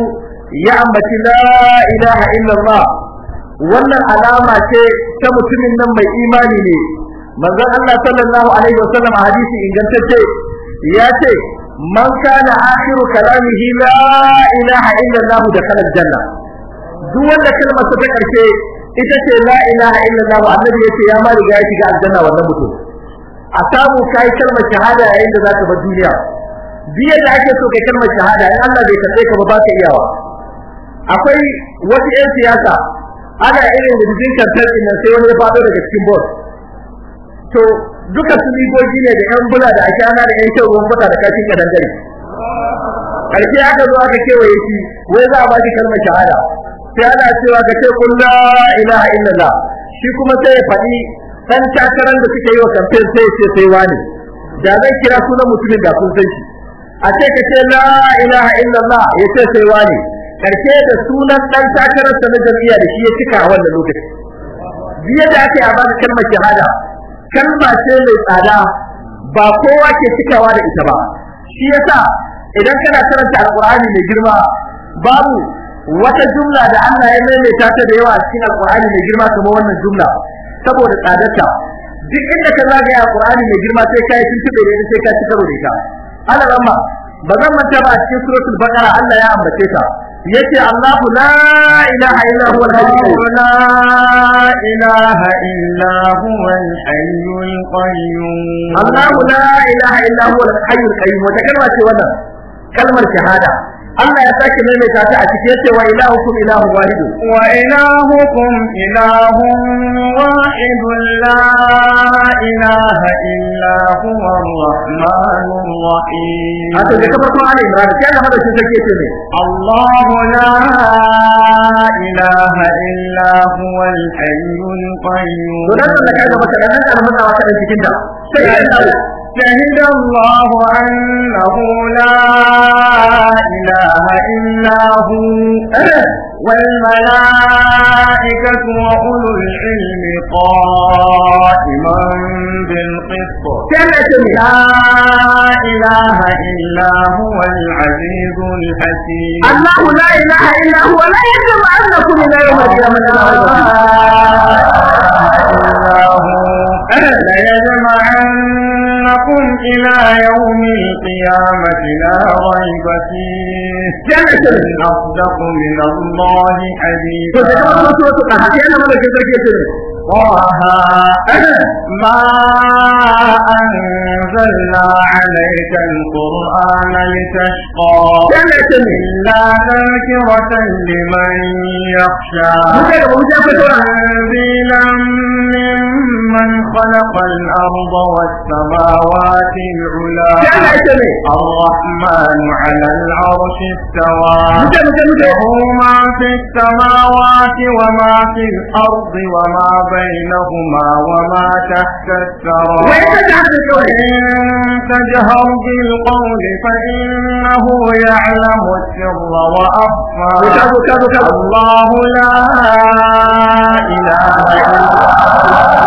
ya ambaci la ilaha illallah wannan alama ce ta mutumin nan mai imani ne manzon Allah sallallahu alaihi wasallam a hadisi ingantacce ya ce man kana akhiru kalamihi la ilaha illallah dakhala aljanna duk wanda kalmar ta karshe ita ce la ilaha illallah annabi yace ya ma riga ya shiga aljanna wannan mutum a samu kai kalmar shahada yayin da zaka bar duniya biyar da ake so kai kalmar shahada in Allah bai karbe ka ba ba ka iyawa akwai wasu 'yan siyasa ana irin da jikin kantar din sai wani ya fado daga cikin bot to duka su ligogi ne da 'yan bula da ashana da 'yan kyau ruwan bata da kashin kadan gari aka zo aka kewaye shi wai za a ba shi kalmar shahada sai ana cewa ka ce kullu ilaha illallah shi kuma sai ya faɗi dan takarar da suka yi wa kamfen sai ce sai wani da zai kira sunan mutumin da kun san a ce ka ce la ilaha illallah ya ce sai wani karshe da sunan ɗan takarar sa na jami'a da shi ya cika a wannan lokaci biye da ake a ba kalmar shahada kalma ce mai tsada ba kowa ke cikawa da ita ba shi yasa idan kana karanta alqur'ani mai girma babu wata jumla da Allah ya maimaita ta da yawa a cikin alqur'ani mai girma kamar wannan jumla saboda tsadarta duk inda ka zaga zagaya Qur'ani mai girma sai kai kin tube ne sai ka cika karo da ita Allah ramma bazan manta ba cikin suratul baqara Allah ya ambace ta yace Allah la ilaha illa huwa al-hayy la ilaha illa huwa al-hayy qayyum Allah la ilaha illa huwa al-hayy qayyum wata kalma ce wannan kalmar shahada Allah ya sake maimaita ta a cikin cewa ilahukum ilahun wahid wa ilahukum ilahun wahid la ilaha illa huwa ar-rahmanur rahim haka da kafa kuma Allah Imran sai da hada shi take ce ne Allahu la ilaha illa huwa al-hayyul qayyum to dan da kaga baka dan da mun da wata cikin da sai ya شهد الله أنه لا إله إلا هو والملائكة وأولو العلم قائما بالقسط لا إله إلا هو العزيز الحكيم الله لا إله إلا هو لا يجب أنكم إلا يوم القيامة لا يجمعن إلى يوم القيامة لا ريب فيه أصدق من الله حديثا طه ما أنزلنا عليك القرآن لتشقى إلا ذاكرة لمن يخشى تنزيلا ممن خلق الأرض والسماوات العلى الرحمن على العرش استوى له ما في السماوات وما في الأرض وما بين بينهما وما تحت الثرى وإن تجهر بالقول فإنه يعلم السر وأخفى الله لا إله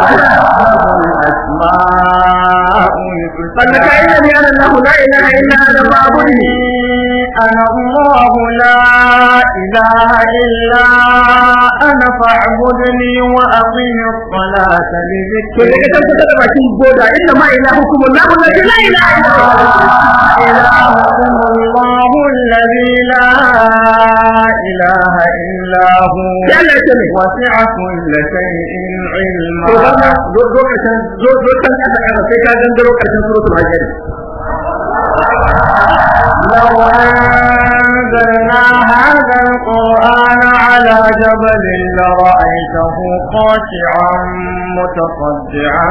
إلا هو الأسماء الحسنى فلك إلا بأن له لا إله إلا هذا فاعبده أنا الله لا إله إلا أنا فاعبدني وأقم الصلاة لذكري إنما إلهكم الله الذي لا إله إلا هو إلهكم الله الذي لا إله إلا هو وسع كل شيء علما لو أنزلنا هذا القرآن على جبل لرأيته خاشعا متصدعا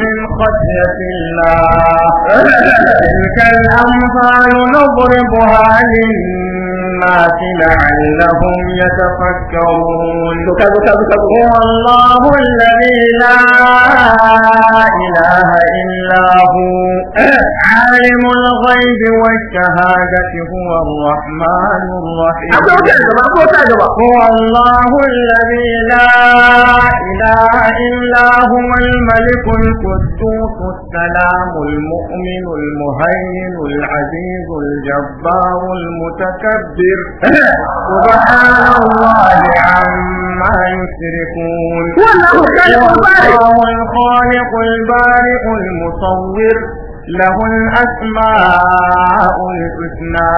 من خشية الله تلك الأمثال نضربها للناس لعلهم يتفكرون هو الله الذي لا إله إلا هو عالم الغيب والشهادة هو الرحمن الرحيم هو الله الذي لا إله إلا هو الملك القدوس السلام المؤمن المهين العزيز الجبار المتكبر سبحان الله عما يشركون والله الخالق البارئ المصور له الأسماء الحسنى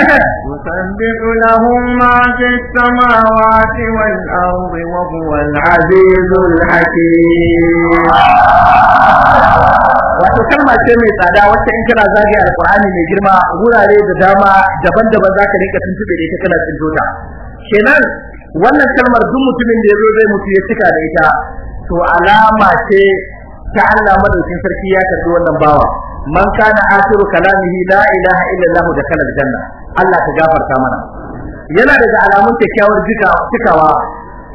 يسبح له ما في السماوات والأرض وهو العزيز الحكيم wato kalma ce mai tsada wacce in kana zagaye alqur'ani mai girma wurare da dama daban-daban zaka rika tuntube da ita kana tsintota kenan wannan kalmar duk mutumin da yazo zai mutu ya cika da ita to alama ce ta Allah madaukin sarki ya karbi wannan bawa man kana akhiru kalamihi la ilaha illa allah dakhala janna Allah ka gafarta mana yana daga alamun kyakkyawar jika cikawa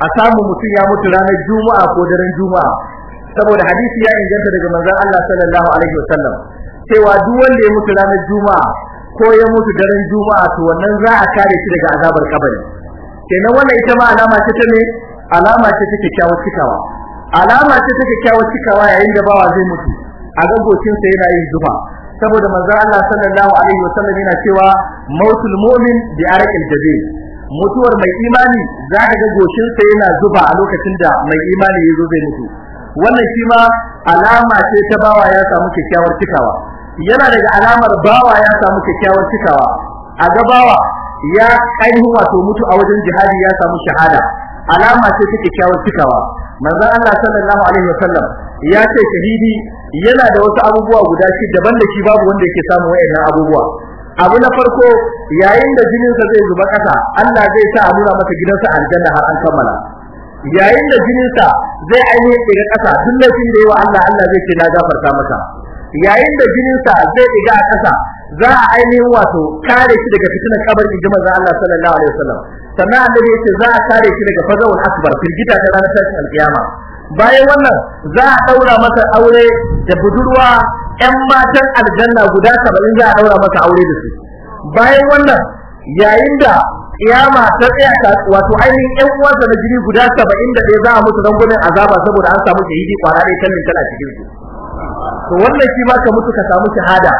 a samu mutum ya mutu ranar juma'a ko daren juma'a saboda hadisi ya inganta daga manzon Allah sallallahu alaihi wasallam cewa duk wanda ya mutu ranar juma'a ko ya mutu daren juma'a to wannan za a kare shi daga azabar kabari kenan wannan ita ma alama ce ta ne alama ce ta kyakkyawar cikawa alama ce ta kyakkyawar cikawa yayin da bawa zai mutu a ga yana yin zuba saboda manzon Allah sallallahu alaihi wasallam yana cewa mautul mu'min bi arqil jabin mutuwar mai imani za ka ga goshinsa yana zuba a lokacin da mai imani ya zo zai mutu wannan shi ma alama ce ta bawa ya samu kyakkyawar cikawa yana daga alamar bawa ya samu kyakkyawar cikawa a ga bawa ya ainihin wato mutu a wajen jihadi ya samu shahada alama ce ta kyakkyawar cikawa manzon Allah sallallahu alaihi wasallam ya ce shahidi yana da wasu abubuwa guda shi daban da shi babu wanda yake samu wayannan abubuwa abu na farko yayin da jininsa zai zuba kasa Allah zai sa a nuna masa gidansa aljanna har an kammala yayin da jininsa zai ainihin ɗiga ƙasa duk lokacin da yawa Allah Allah zai ce na gafarta masa yayin da jininsa zai ɗiga a ƙasa za a ainihin wato kare shi daga fitinar kabar injima za Allah sallallahu alaihi wasallam sannan annabi yace za a kare shi daga fazawul akbar firgita ta ranar tashin alkiyama bayan wannan za a daura masa aure da budurwa 'yan matan aljanna guda saba'in za a daura masa aure da su bayan wannan yayin da kiyama ta tsaya ta wato ainihin 'yan uwansa na jiri guda saba'in da ɗaya za a mutu don gudun azaba saboda an samu shahidi kwana ɗaya kan tana cikin su to wannan shi ma ka mutu ka samu shahada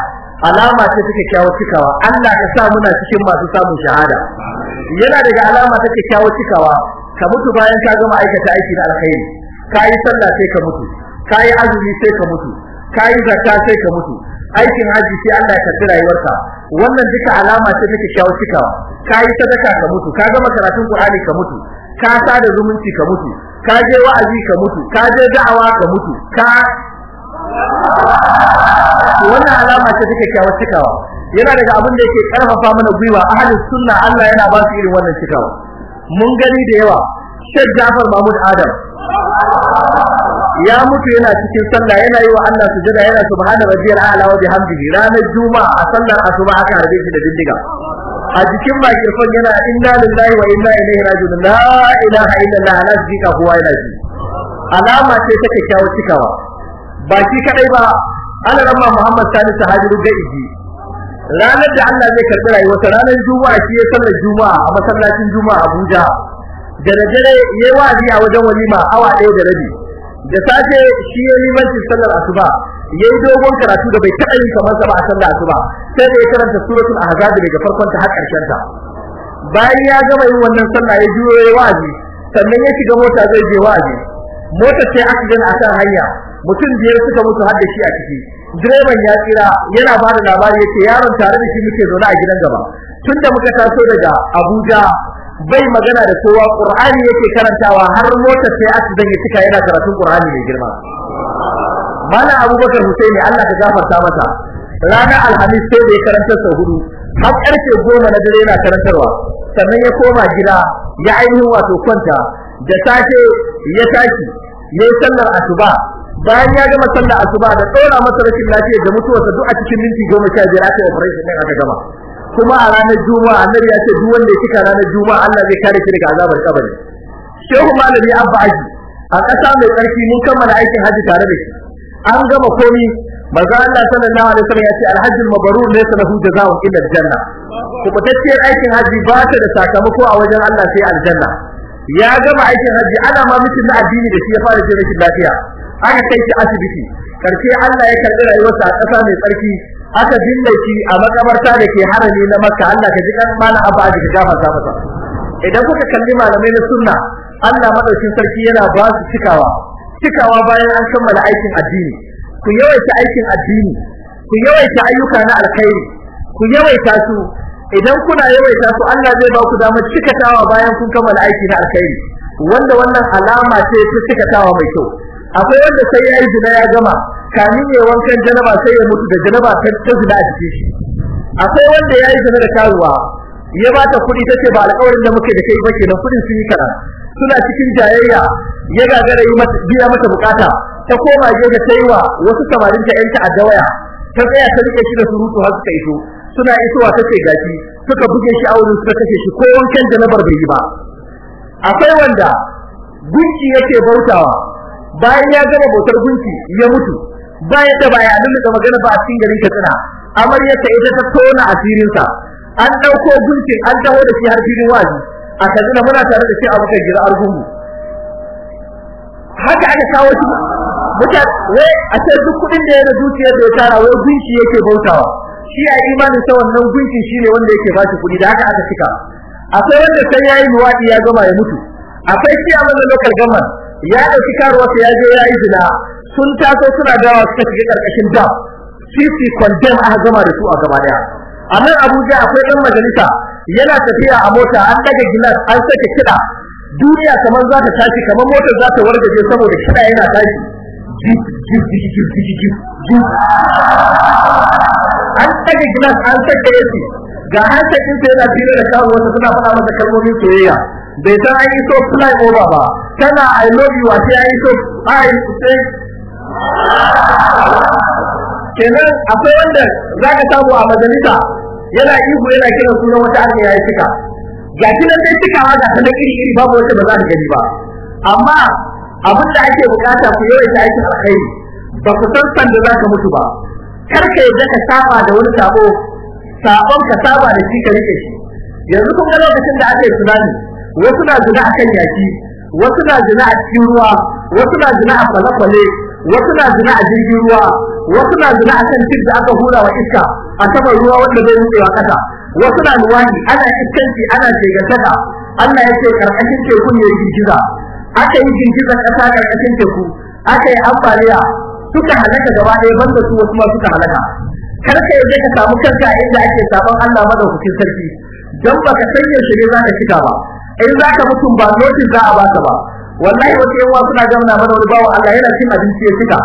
alama ce ta kyakkyawar cikawa Allah ya sa muna cikin masu samun shahada yana daga alama ta kyakkyawar cikawa ka mutu bayan ka gama aikata aiki na alkhairi kai sallah sai ka mutu kai azumi sai ka mutu kai zakka sai ka mutu aikin haji sai Allah ya tsira rayuwarka wannan duka alama ce take shawo cikawa kai sadaka ka mutu ka gama karatun Qur'ani ka mutu ka sada zumunci ka mutu ka je wa'azi ka mutu ka je da'awa ka mutu ka wannan alama ce take shawo cikawa yana daga abin da yake karfafa mana gwiwa ahlus sunna Allah yana ba su irin wannan cikawa mun gani da yawa Sheikh Jafar Mahmud Adam ya mutu yana cikin sallah yana yi wa Allah sujada yana subhana rabbiyal a'la wa bihamdihi ranar juma'a a sallar asuba aka harbe shi da bindiga a jikin makirfon yana inna lillahi wa inna ilaihi raji'un la ilaha illallah ala zika huwa ila ji alama ce ta kyakkyawa cikawa ba shi kadai ba ana ramma Muhammad Sani Sahajiru iji. ranar da Allah zai karbi rayuwarsa ranar juma'a shi ya sallar juma'a a masallacin juma'a Abuja da dare ya wazi a wajen walima awa ɗaya da rabi da safe shi ya limanci sallar asuba yayi dogon karatu da bai taɓa yin kamar sa ba a sallar asuba sai da ya karanta suratul ahzab daga farkon ta har ƙarshen ta bayan ya gama yin wannan sallah ya juyo ya wazi sannan ya shiga mota zai je wazi mota sai accident a kan hanya mutum biyar suka mutu har da shi a ciki direban ya tsira yana ba da labari ce, yaron tare da shi muke zaune a gidan gaba tunda muka taso daga Abuja bai magana da kowa qur'ani yake karantawa har mota sai accident ya cika yana karatun qur'ani mai girma mana abubakar husaini Allah ka gafarta masa ranar alhamis sai da ya karanta sau hudu har karfe goma na dare yana karantarwa sannan ya koma gida ya ainihin wato kwanta da take ya tashi ne sallar asuba bayan ya gama sallar asuba da tsora masa rashin lafiya da sa duk a cikin minti goma sha biyar aka yi operation aka gama kuma a ranar juma'a annabi ya ce duk wanda ya cika ranar juma'a Allah zai kare shi daga azabar kabari shehu malami abba aji a ƙasa mai tsarki mun kammala aikin haji tare da shi an gama komi manzo Allah sallallahu alaihi wasallam ya ce alhajjul mabrur laysa lahu jazaa'un illa aljanna kuma aikin haji ba ta da sakamako a wajen Allah sai aljanna ya gama aikin haji ana ma mutum na addini da shi ya fara jin rashin lafiya aka kai shi asibiti karshe Allah ya karbi rayuwarsa a ƙasa mai tsarki aka binne shi a makabarta da ke harami na maka, Allah ka ji kan mana a da gafarta masa idan kuka kalli malamai na sunna Allah madaukin sarki yana ba su cikawa cikawa bayan an kammala aikin addini ku yawaita aikin addini ku yawaita ayyuka na alkhairi ku yawaita su idan kuna yawaita su Allah zai ba ku damar cikatawa bayan kun kammala aiki na alkhairi wanda wannan alama ce ta cikatawa mai kyau akwai wanda sai ya yi zina ya gama kamin ya wankan janaba sai ya mutu da janaba ta tsada a cikin shi akwai wanda yayi zina da karuwa ya ba ta kuɗi tace ba alƙawarin da muke da kai ba kenan kuɗin sun yi kana suna cikin jayayya ya gagara yi mata biya mata bukata ta koma je ta yi wa wasu samarin ta yanta a dawaya ta tsaya ta rike shi da surutu har suka iso suna isowa ta ce gashi suka buge shi a wurin suka kashe shi ko wankan janabar bai yi ba akwai wanda gunki yake bautawa bayan ya gama bautar gunki ya mutu ba da ba ya da magana ba a cikin garin Katsina ta ita ta tona ta an dauko gunkin an dawo da shi har filin wazi a Katsina muna tare da shi a muka gira argungu haka aka kawo shi muka we a ce duk kudin da yana dukiyar da ya tara wai gunki yake bautawa shi a imanin sa wannan shi shine wanda yake bashi kudi da haka aka cika akwai wanda sai yayi luwadi ya gama ya mutu akwai shi a wannan local gama ya dauki karuwa sai ya je ya yi zina sun taso suna dawa suka shiga karkashin dam sisi kwandam aka gama da su a gaba daya a abuja akwai dan majalisa yana tafiya a mota an daga gilas an sake kiɗa duniya kamar za ta tashi kamar motar za ta wargaje saboda kiɗa yana tashi an daga gilas an sake yasi ga hancin insa yana fira da kawo wanda suna faɗa masa kalmomin soyayya bai san an yi so fly over ba tana i love you a yi so kenan akwai wanda za ka samu a majalisa yana ihu yana kiran sunan wata aka yayi cika ga nan dai cikawa ga ta iri iri babu wata ba za ka gani ba amma abin da ake bukata ku yawaita aikin alkhairi ba ku san san da za ka mutu ba kar ka yadda ka saba da wani sabo sabon ka saba da shi ka rike shi yanzu kun ga lokacin da aka yi tsunami wasu na zina a kan yaki wasu na zina a cikin ruwa wasu na zina a kwale-kwale wasu na zina a jirgin ruwa wasu na zina a kan da aka hura wa iska a saman ruwa wanda zai wa kasa wasu na luwani ana iskanci ana shegataka Allah ya ce karkashin teku ne girgiza aka yi girgizar kasa karkashin teku aka yi ambaliya suka halaka gaba ɗaya banda su wasu masu suka halaka kar ka ka samu kanka inda ake sabon Allah madaukakin sarki dan baka sanya yaushe ne ka cika ba in za ka mutum ba notice za a baka ba wallahi 'yan yawa suna gamna mana wani bawa Allah yana cin abinci ya cika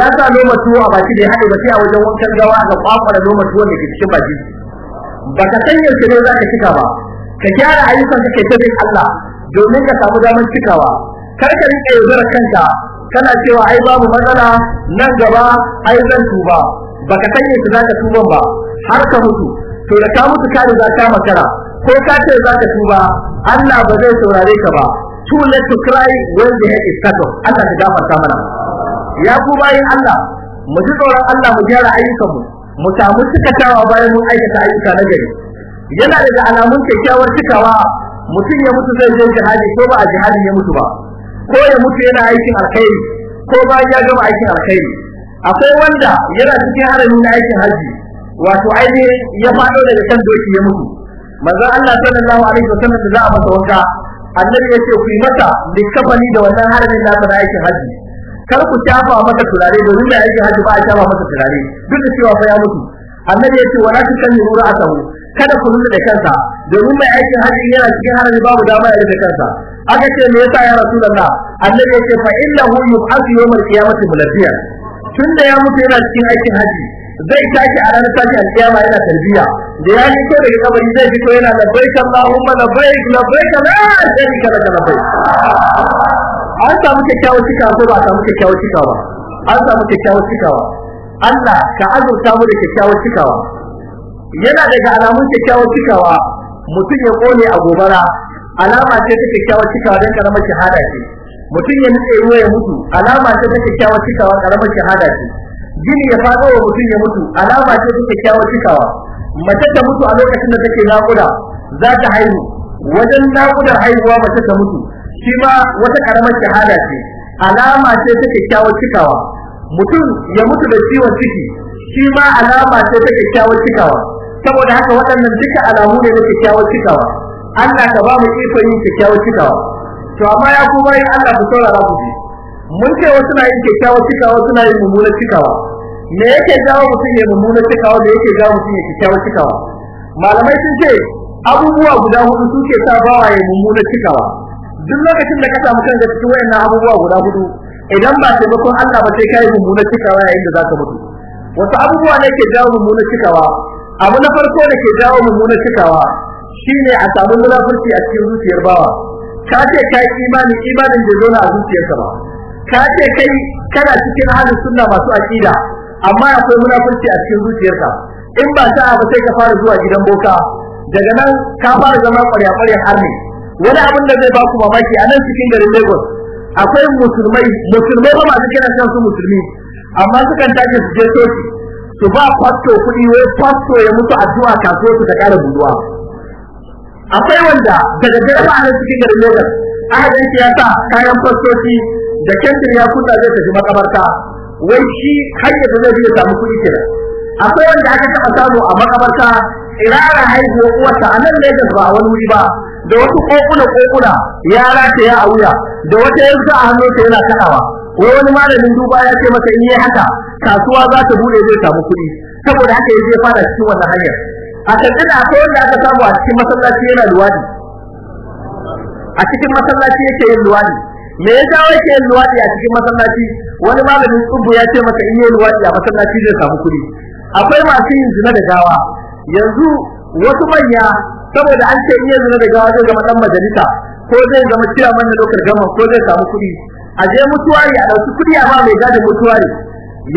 ya sa noma tuwo a baki da ya haɗe baki a wajen wankan gawa ga kwakwara noma tuwon da ke cikin baki ba ka san yaushe ne za ka cika ba ka gyara ayyukan da ke tabin Allah domin ka samu damar cikawa kar ka rike yaudarar kanka kana cewa ai babu matsala nan gaba ai zan tuba baka san yaushe za ka tuban ba har ka mutu to da ka mutu ka riga ka makara ko ka ce za ka tuba Allah ba zai saurare ka ba too late to cry when the head is cut off Allah ka gafarta mana ya ku bayin Allah mu ji tsoron Allah mu gyara ayyukan mu mu samu cikatawa bayan mun aikata ayyuka na gari yana da alamun kyakkyawar cikawa mutum ya mutu zai je jihadi ko ba a jihadi ya mutu ba ko ya mutu yana aikin alkhairi ko bayan ya gama aikin alkhairi akwai wanda yana cikin harami na aikin haji wato ainihin ya faɗo daga kan doki ya mutu manzon Allah sallallahu alaihi wasallam da za a masa wanka annabi ya ce ku yi mata likafani da wannan harbin da na aikin haji kar ku shafa mata turare domin mai aikin haji ba a shafa masa turare duk da cewa fa ya mutu annabi ya ce wala a ra'atahu kada ku da kansa domin mai aikin haji yana cikin harami babu dama ya rubuta kansa aka ce me yasa ya rasulullah annabi ya ce fa innahu yub'athu yawm al-qiyamati mulabbiya tunda ya mutu yana cikin aikin haji zai tashi a ranar tashi alƙiyama yana tarbiya da ya fito daga kabari zai fito yana da bai na Allahumma labbaik zai la sharika na bai. an samu kyakkyawar cika ko ba a samu kyakkyawar cikawa an samu kyakkyawar cikawa Allah ka azurta mu da kyakkyawar cikawa yana daga alamun kyakkyawar cikawa mutum ya kone a gobara alama ce ta kyakkyawar cikawa dan karamar shahada ce mutum ya nutse ruwa ya mutu alama ce ta kyakkyawar cikawa karamar shahada ce gini ya faɗo wa mutum ya mutu alama ce ta kyakkyawar cikawa mace ta mutu a lokacin da take naƙuda za ta haihu wajen naƙudar haihuwa mace ta mutu shi ma wata ƙaramar shahada ce alama ce ta kyakkyawar cikawa mutum ya mutu da ciwon ciki shi ma alama ce ta kyakkyawar cikawa saboda haka waɗannan duka alamu ne na kyakkyawar cikawa Allah ka ba mu ikon yin kyakkyawar cikawa to amma ya ku bayan Allah ku saurara ku ji mun ce wasu na yin kyakkyawar cikawa suna yin mummunar cikawa me yake jawo mutum ya mummunar cikawa da yake jawo mutum ya kyakkyawar cikawa malamai sun ce abubuwa guda hudu suke sa bawa ya mummunar cikawa duk lokacin da ka samu kanka cikin wayannan abubuwa guda hudu idan ba taimakon Allah ba sai kai mummunar cikawa yayin da zaka mutu wasu abubuwa ne ke jawo mummunar cikawa abu na farko da ke jawo mummunar cikawa shine a samu munafurci a cikin zuciyar bawa ka ce kai imani imanin da zo na zuciyarka ba ka ce kai kana cikin halin sunna masu aqida amma akwai munafurci a cikin zuciyarka in ba sa ba sai ka fara zuwa gidan boka daga nan ka fara zama kwarya-kwarya har ne wani abin da zai ba ku mamaki a nan cikin garin Lagos akwai musulmai musulmai ba masu kiran kansu musulmi amma sukan tashi su je coci su ba fasto kuɗi wai fasto ya mutu addu'a kasuwar su ta ƙara buduwa akwai wanda daga dare anan a nan cikin garin Lagos aka ganci ya sa kayan fastoci da kentin ya kuta zai tafi makabarta wai shi hanyar da zai biya samu kuɗi kenan akwai wanda aka taɓa samu a makabarta irara haihuwa uwarsa a nan da ba a wani wuri ba da wasu kokuna kokuna ya rataya a wuya da wata yanzu a ta yana kaɗawa wai wani malamin duba ya ce masa in yi haka kasuwa za ta bude zai samu kuɗi saboda haka yaje fara cikin wannan hanyar a tantan akwai wanda aka samu a cikin masallaci yana luwadi a cikin masallaci yake yin luwadi me yasa wake luwadi a cikin masallaci wani malamin tsubu ya ce maka in yi luwadi a masallaci zai samu kuɗi akwai masu yin zina da gawa yanzu wasu manya saboda an ce in yi zina da gawa zai zama dan majalisa ko zai zama kira na lokar gama ko zai samu kuɗi a je mutuwari a ɗauki kuɗi a ba mai gadin mutuwari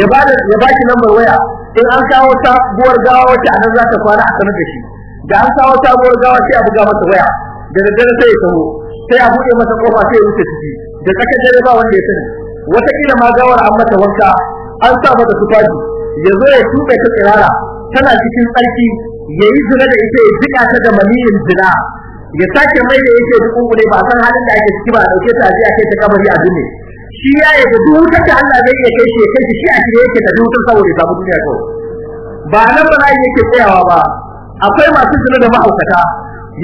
ya ba ya baki lambar waya in an kawo sabuwar gawa wacce a nan za ta kwana a sanar da shi da an kawo sabuwar gawa sai a buga masa waya da daddare sai ya taho sai a buɗe masa kofa sai ya wuce ciki da tsakar dare ba wanda ya sani wata ƙila ma gawar an mata wanka an sa mata tufafi ya zo ya tuka ta tsirara tana cikin tsarki yayi zina da ita ya jika ta da maniyin zina ya sake mai da yake duk kure ba san halin da ake ciki ba dauke ta aje ake ta kabari a duniya shi ya yi da duk ta Allah zai iya kai shi ya kai shi a cikin yake da duk saboda ta duniya kawai ba nan ba yake tsayawa ba akwai masu zina da mahaukata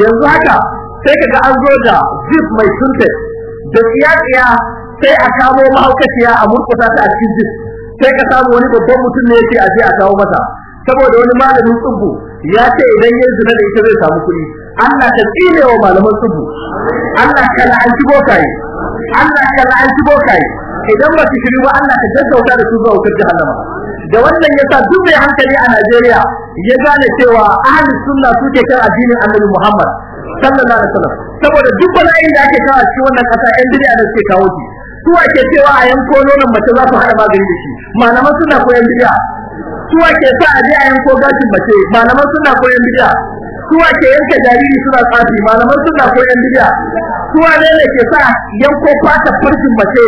yanzu haka sai kaga an zo da zip mai suntet da tsiya sai a kamo mahaukaciya a murkusa ta a cikin sai ka samu wani babban mutum ne yake aje a kawo masa saboda wani malamin tsubu ya ce idan ya zina da ita zai samu kuɗi Allah ka tsine wa malaman tsubu Allah ka la'anci bokaye Allah ka la'anci bokaye idan ba su shiri ba Allah ka jaddauta da su zuwa wutar jahannama da wannan yasa duk mai hankali a Najeriya ya gane cewa ahlus sunna suke kan addinin Annabi Muhammad sallallahu alaihi wasallam saboda duk bala'in da ake kawo shi wannan kasa yan bid'a da suke kawo shi su ake cewa a yanko nonon mace za su haɗa magani da shi malaman suna koyan bid'a su ake sa a je a yanko gashin mace malaman suna koyan bid'a su ake yanka jariri suna tsafi malaman suna koyan bid'a su ne ne ke sa yanko fata farjin mace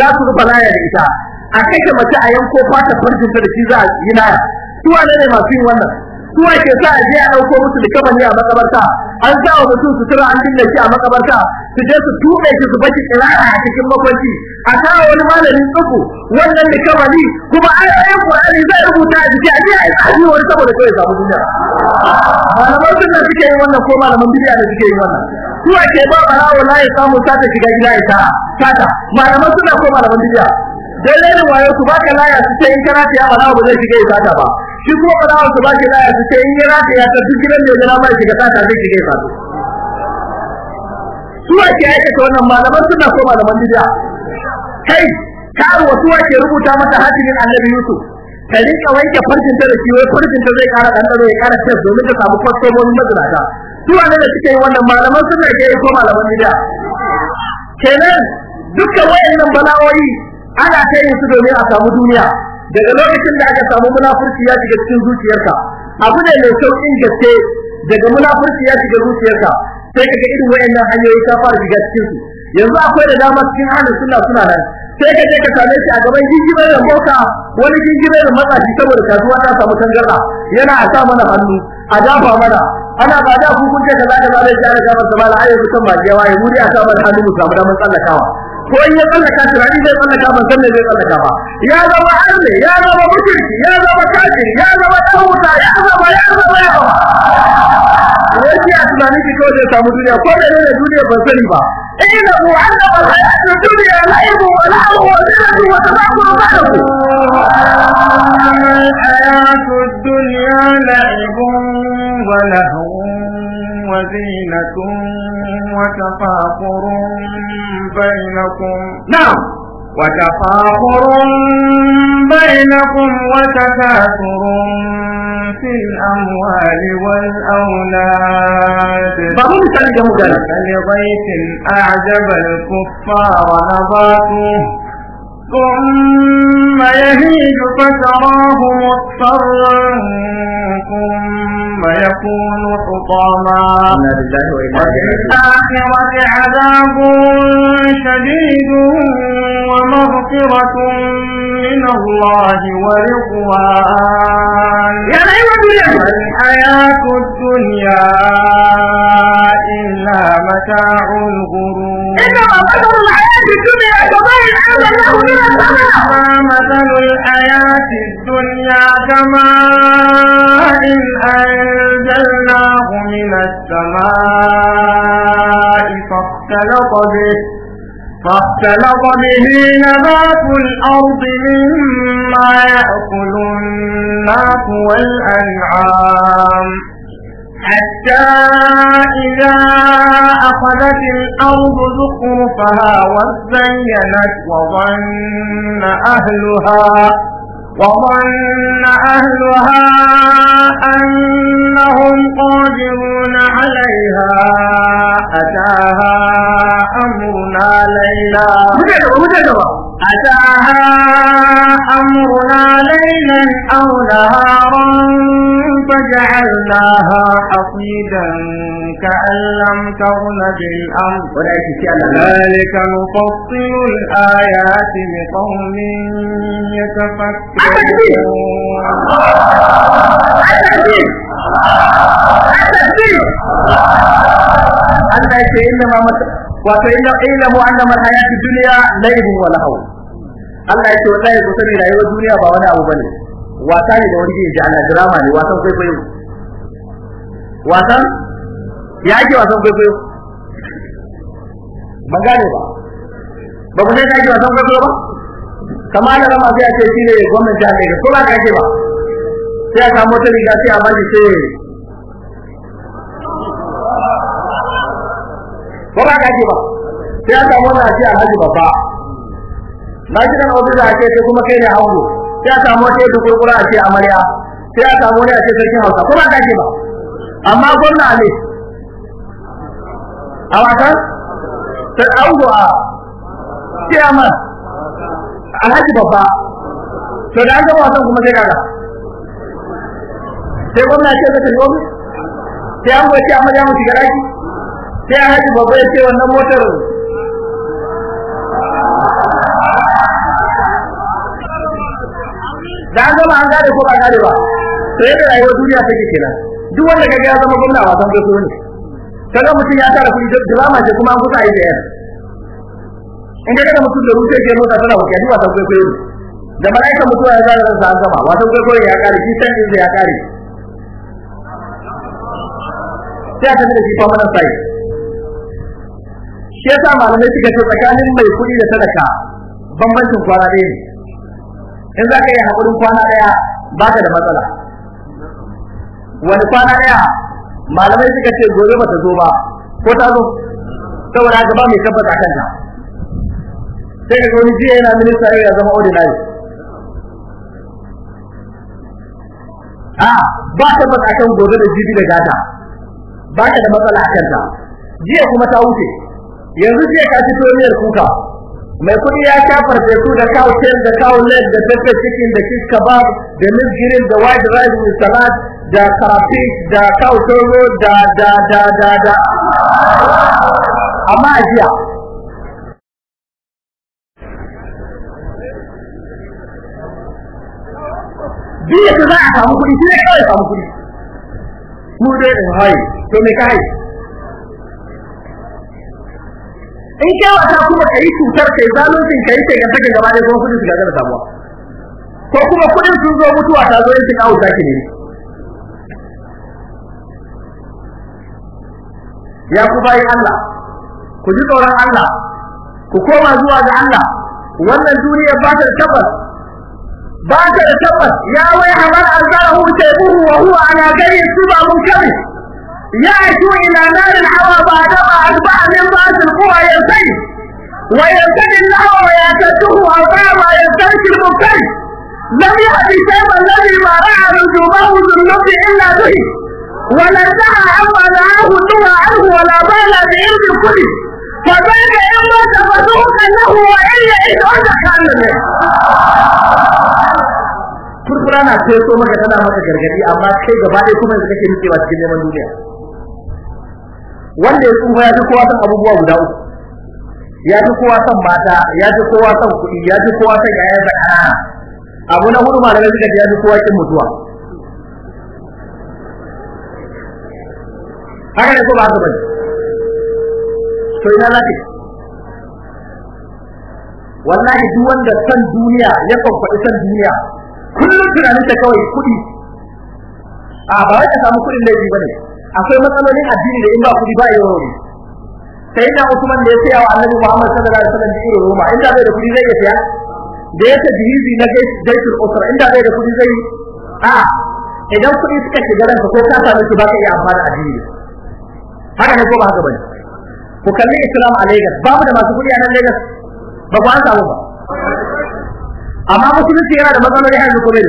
za su rufa laya da ita a kake mace a yanko fata farjin ta da shi za a yi laya su ne ne masu yin wannan Kuwa ke sa a je a ɗauko musu da kamar a makabarta an sa wa mutum tura an dinga shi a makabarta su je su tuɓe shi su bashi kirara a cikin makwanci a kawo wani malamin tsuku wannan da kamari kuma an ayin ƙwararri zai rubuta a jiki a je ya yi wani saboda kawai samu duniya malaman suna suke yin wannan ko malaman duniya da suke yin wannan kuma ke ba barawo na ya samu sata shiga gida ya tara sata malaman suna ko malaman duniya dai ne wayo su baka laya su ce in kana tiya barawo ba zai shiga ya sata ba shi kuma farawar su ba ke laya su ce in yi rafi ya ta duk gidan da ya gana mai shiga sata zai shiga ya su aika aikata wannan malaman suna ko malaman bidiya kai wa su ke rubuta mata hatimin annabi yusuf ta rika wanke farkin ta da shi wai farkin ta zai kara ɗanɗano ya kara tef domin ta samu kwastomomin mazinata su wane da suke yi wannan malaman suna ke yi ko malaman bidiya kenan dukkan wayannan bala'o'i ana kai su domin a samu duniya daga lokacin da aka samu munafurci ya shiga cikin zuciyarka abu ne mai sauƙin gaske daga munafurci ya shiga zuciyarka sai kaga irin wayannan hanyoyi ta fara shiga cikin su yanzu akwai da dama cikin halin sunna suna nan sai ka ka same shi a gaban jingirar da mota wani jingirar da matsaci saboda kasuwa ta samu tangarda yana a sa mana hannu a dafa mana ana ba da ku kun ce kaza kaza zai tsara sama, sa mala ayyukan ba ya waye a sa mana hannu mu samu damar tsallakawa ko in ya tsallaka turani zai tsallaka ban san me zai tsallaka ba ya zama arne ya zama mushriki ya zama kafiri ya zama tawuta ya zama ya zama ya zama wani a tunanin ki kawai zai samu duniya ko da ne duniya ban sani ba ina mu anna bal hayatu dunya la'ibu wa la'abu wa zinatu wa tadabbaru ba'dahu الحياة الدنيا لعب ولهو وزينة وتفاخر بينكم نعم وتفاخر بينكم وتكاثر في الأموال والأولاد فمثل كالغيث أعجب الكفار نباته ثم يهيج فتراه مصفرا ثم يكون حطاما وفي الآخرة عذاب شديد ومغفرة من الله ورضوان الحياة الدنيا إلا متاع الغرور في الدنيا كماء أنزل مثل الحياة الدنيا كماء أنزلناه من السماء فاختلط به فاختلط به نبات الأرض مما يأكل الناس والأنعام حتى إذا أخذت الأرض زخرفها وزينت وظن أهلها وظن أهلها أنهم قادرون عليها أتاها أمرنا ليلا أتاها أمرنا ليلا أو نهارا فجعلناها حصيدا كأن لم تغن بالأمر ذلك نفصل الآيات لقوم يتفكرون أنت إنما wato inda ilmu annama hayati dunya laibun wa lahu Allah ya yake wallahi ku sani rayuwar duniya ba wani abu bane wasa ne da wani ji ana drama ne wasan kwaikwayo wasan ya ji wasan kwaikwayo ban gane ba ba ku sai ka ake wasan kwaikwayo ba kamar da ma sai ce shi ne gwamnati ta ne ko ba ka ce ba sai ka samu wata riga sai a sai ba ba ka ji ba sai aka wani a ce alhaji babba na ji dan ofisa ake sai kuma kai ne hango sai aka samu wata duk kurkura ake amarya sai aka samu ake a ce sarkin hausa ko ba ka ji ba amma gwamna ne a wasan sai auzo a chairman alhaji babba to da an gama wasan kuma sai kaga sai gwamna ake ta tafi ofis sai an goce amma ya mu shiga daki sai haji babba ya ce wannan motar da an zama an gane ko ba gane ba sai da rayuwar duniya take kenan duk wanda ga ya zama gwamna wasan gaso ne kaga mutum ya tara kuɗi da drama ce kuma an kusa yi da yana in ga da mutum da rute ke mota tana wakili wasan gaso ne da malaika mutuwa ya zara ransa an zama wasan gaso ya kare shi san inda ya kare sai aka tafi da shi fa mana sai ke yasa malamai suka ce tsakanin mai kuɗi da sadaka bambancin kwana ɗaya ne in za ka yi haƙurin kwana ɗaya ba ka da matsala wani kwana ɗaya malamai suka ce gobe ba ta zo ba ko ta zo saboda haka ba mai tabbata kanta sai ka wani jiya yana minista yau ya zama ordinary a ah, ba tabbata kan gobe da jibi da gata ba ka da matsala a ta jiya kuma ta wuce yanzu sai ka ci miyar kuka mai kuɗi ya sha farfesu da kawo tail da kawo leg da pepper chicken da fish kebab da meat grill da white rice with salad da crawfish da cow toro da da da da da amma ajiya duk yadda za a samu kuɗi shi ne kawai samu kuɗi mu dai in haye to me ka haye in kai wata kuma kai cutar kai zaluncin kai sai ga take gaba da kuma kudin su ga da samuwa ko kuma kudin sun zo mutuwa ta zo yankin kawo zaki ne ya ku bai Allah ku ji tsoron Allah ku koma zuwa ga Allah wannan duniya ba ta tabbas ba ta tabbas ya wai hamal ta taybuhu wa huwa ala gari suba munkari يأتوا إلى نار الحوى بعدما أتبع من بعض القرى يلتج ويلتج النار ويعتده أباه ويستنشد المبتج لم يأت شاب الذي ما رأى من رسومه ذنوب إلا به ولا انتهى عما دعاه النهى عنه ولا بال بعلم الكل فذاك إن مات فذوقا له وإن يعيش عند كامل Kurkura na sai so maka tana maka gargadi amma kai gaba ɗaya kuma yanzu kake nutsewa cikin neman duniya. wanda ya tsufa ya fi kowa san abubuwa guda uku ya fi kowa san mata ya fi kowa san kuɗi ya fi kowa san yayan zakara abu na hudu malamai suka ya fi kowa kin mutuwa haka ne ko ba haka bane to ina zaki wallahi duk wanda san duniya ya kwankwaɗi san duniya kullum tunanin ta kawai kuɗi a ba wai ka samu kuɗin laifi ba ne. akwai matsalolin addini da in ba kudi ba ya wuri sai da Usman da ya saya wa Annabi Muhammad sallallahu alaihi wasallam yi Roma inda bai da kudi zai saya da ya ta dihizi na gaisul usra inda bai da kudi zai a idan kudi suka shiga ranka ko ka samu su ba ka iya amfana addini haka ne ko ba haka bane ku kalli Islam a babu da masu kudi a nan Lagos ba ku an samu ba amma musulunci yana da matsaloli har da kuma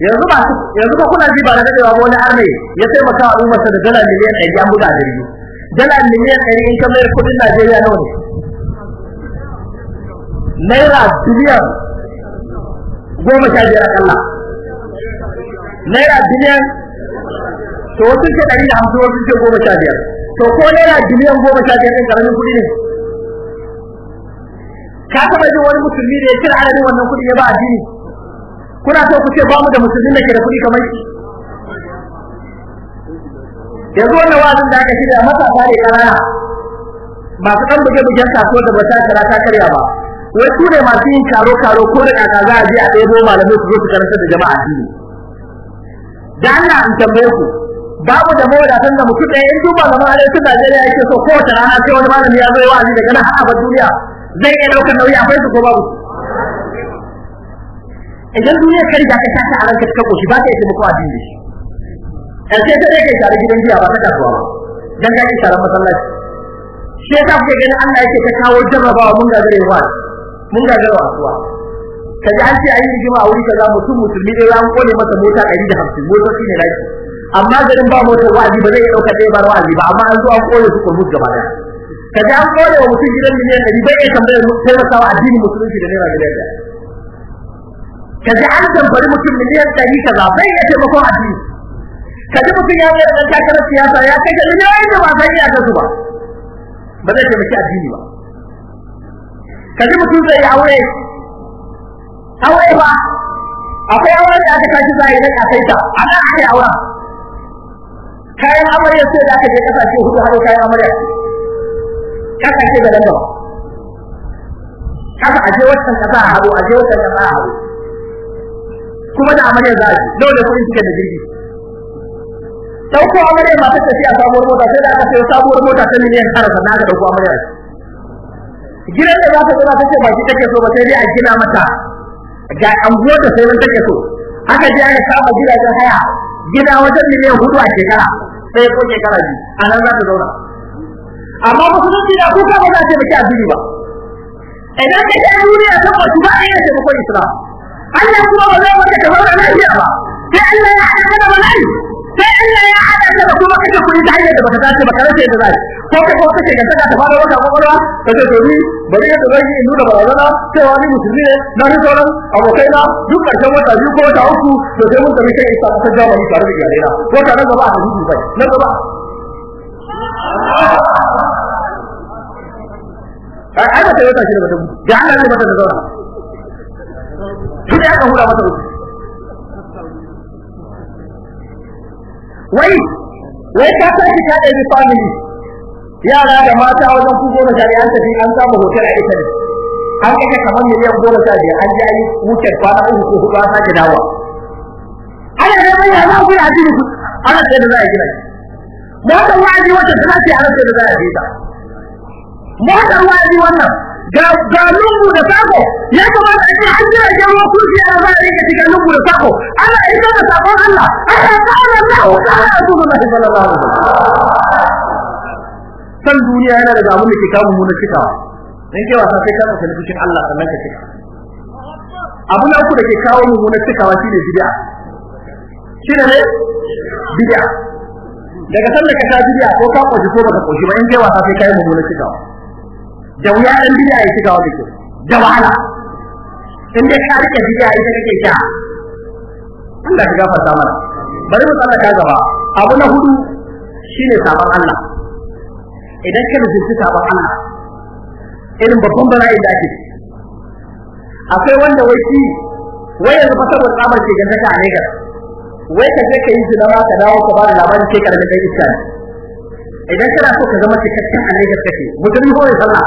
yanzu ba yanzu ba kuna ji ba da cewa wani arme ya taimaka maka al'ummarsa da dala miliyan 100 an buga a jirgi dala miliyan 100 in ka mai kudin Najeriya nawa ne naira biliyan goma sha biyar Allah, naira biliyan to wasu ce ɗari da hamsin wasu ce goma sha biyar to ko naira biliyan goma sha biyar ɗin ƙaramin kuɗi ne ka taɓa jin wani musulmi da ya cire adadin wannan kuɗi ya ba addini kuna so ku ce ba mu da musulmin da ke da kuɗi kamar shi yanzu wannan wa'azin da aka shirya matasa ne ba masu ɗan buge-bugen ko da ba ta kara ta karya ba wai su ne masu yin karo-karo ko da kaka za a je a ɗebo malamai su zo su karanta da jama'a addini da Allah an tambaye ku babu da mawadatan da mutum ɗaya in duk malaman arewacin Najeriya yake so kowace rana sai wani malami ya zo wa'azi daga nan har abad duniya zai iya ɗaukar nauyi akwai su ko babu su idan duniya ka riga ka tashi a ranka koshi ba ta yi taimako a dinin shi dan kai tare gidan ba ta kasuwa ba dan ka yi masallaci shi yasa kuke ganin Allah yake ta kawo jarrabawa mun gagarewa mun ruwa kuwa kaji an ce ayi rigima a wuri kaza mutum musulmi dai an kone masa mota 150 shi ne laifi amma garin ba mota wa'azi ba zai dauka dai bar wa'azi ba amma an zo an kone su kurmus gaba daya kaji an kone wa mutum gidan miliyan ne bai iya tambayar taimakawa addinin musulunci da naira miliyan 1 ka ji an tambari mutum miliyan ɗari kaza bai ya taimakon addini ka ji mutum ya zai ɗan takarar siyasa ya kai ga miliyoyin da ba zai iya kansu ba ba zai taimaki addini ba ka ji mutum zai aure aure ba akwai aure da aka tashi zai idan a nan ana ake aure kayan amarya sai da aka je kasashe hudu har kayan amarya kasashe da dangawa haka aje wancan kasa a haɗo aje wancan kasa a haɗo. kuma da amarya za a ci nawa da kuɗin tiket da jirgi dauko amarya ba ta tafiya sabuwar mota sai da aka sayo sabuwar mota ta miliyan tara sannan aka dauko amarya gidan da za ta zama ce ba shi take so ba sai dai a gina mata ga anguwar da sai wani take so aka je aka kama gidajen haya gida wajen miliyan hudu a shekara sai ko shekara biyu a nan za ta zauna amma musulunci da kuka ba za ta baki addini ba idan ka ke duniya ta ba ba a iya taimakon islam Allah kuma ba zai wata kamar da lafiya ba sai Allah ya haɗa da bala'i sai Allah ya haɗa da ba kuma kake kuɗi ta hanyar da baka dace ba karanta yadda zai ko kai ko kake ga saka ta ba da wata kwakwalwa ka ce domin bari ya zai yi nuna barazana cewa ni musulmi ne na ni sauran abokai na duk ƙarshen wata biyu ko wata uku to sai mun tafi kai isa ta jamani tare da iyalai na ko ta nan gaba a tafi dubai nan gaba ai ai ba ta yi ta shi da mutum da Allah ne mata da zauna duk ya hura masa wuce wai wai ka sake ka ɗaya family yara da mata wajen ku goma sha an tafi an samu hotel a ita ne an kake kamar miliyan goma sha biyar an ji yi wucin kwana uku ko huɗu an sake dawa ana neman ya za ku yi addini ku ana sai da za a gina shi mata wa'azi wata tana ce ana sai da za a gina ta mata wa'azi wannan ga ga lungu da sako ya kamata a ce an jira ga mu kurfi a ba a yake cikin lungu da sako ana isa da sakon Allah ana ta'ala Allah ta'ala Rasulullahi sallallahu alaihi wasallam san duniya yana da abin da ke kawo mu na cikawa dan kewa sai kai kana sanin cikin Allah sannan ka cika abu na uku da ke kawo mu na cikawa shine bid'a shine ne bid'a daga sanda ka ta bid'a ko ka kwaji ko baka kwaji ba in wasa sai kai mu na cikawa da wuya dan bid'a ya shiga wani ke da wahala in dai ka rike bid'a ita kake sha Allah ya gafarta mana bari mu tsara ta gaba abu na hudu shine sabon Allah idan ka rubuta sabon Allah irin babban bala'i da ake akwai wanda wai shi wai yanzu fa saboda tsamar ke ganta a Lagos wai ka je ka yi zinawa ka dawo ka ba da labarin ke karamin kai iska idan kana so ka zama cikakken a Lagos kake mutum ko ya sallah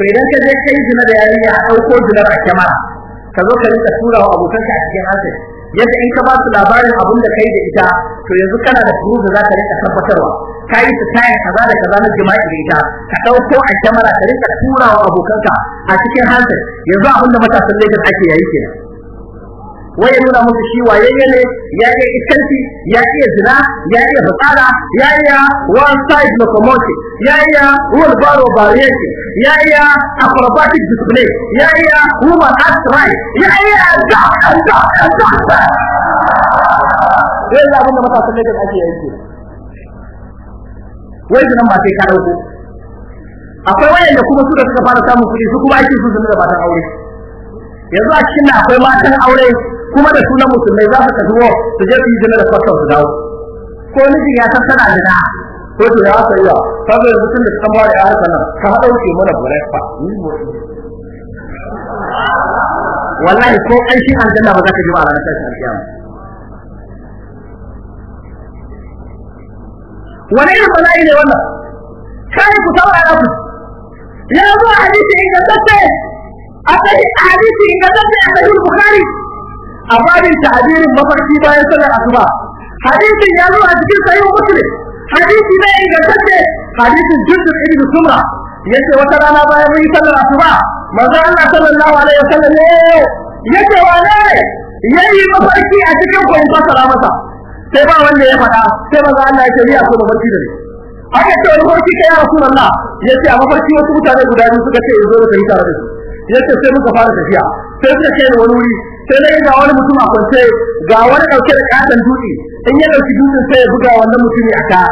to idan ka je kai zina da yarinya a ɗauko zinar a kyamara ka zo ka rinka tura wa abokanka a cikin hasin yadda in ka ba su labarin abin da kai da ita to yanzu kana da kuru da za ka rinka tabbatarwa ka yi su kayan kaza da kaza na jima'i da ita ka ɗauko a kyamara ka rinka tura wa abokanka a cikin hasin yanzu abin da matasan Lagos ake yayi kenan wai nuna musu shi wayayye ne ya iya iskanci ya iya zina ya iya fasara ya iya one side locomotive ya iya wheel baro bariyanci ya iya acrobatic display ya iya woman act right ya iya da da da wai abin da matasan ne ake yanki wai zinan ba sai ka dauko akwai wayanda kuma suka da suka fara samun kuɗi su kuma ake sun zama da batan aure yanzu a cikin akwai matan aure kuma da sunan musulmai za su tafi su je su yi jina da kwastar su dawo ko mijin ya san tana da ko to ya san iya saboda mutum da kan bare a haka nan ka dauke mana gore fa ni mu wallahi ko kai shi an danna ba za ka ji ba ranar tashin alkiyama wani irin bala'i ne wannan kai ku da ku ya zo hadisi ingantacce a hadisi ingantacce a sahih bukhari a babin ta'abirin mafarki bayan sallar asuba hadisin ya zo a cikin sahih muslim hadisi ne ingantacce hadisin jundub ibn sumra yace wata rana bayan mun sallar asuba manzo Allah sallallahu alaihi wasallam yace wane yayi mafarki a cikin koyi fasara masa sai ba wanda ya faɗa sai manzo Allah ya ce ni akwai mafarki da ni aka ce wani mafarki kai ya rasulullah yace a mafarki wasu mutane guda biyu suka ce zo da kai tare da su yace sai muka fara tafiya sai suka kai wani wuri sai dai ga wani mutum a kwance ga wani dauke da katon dutse in ya dauki dutsen sai ya buga wannan mutumi aka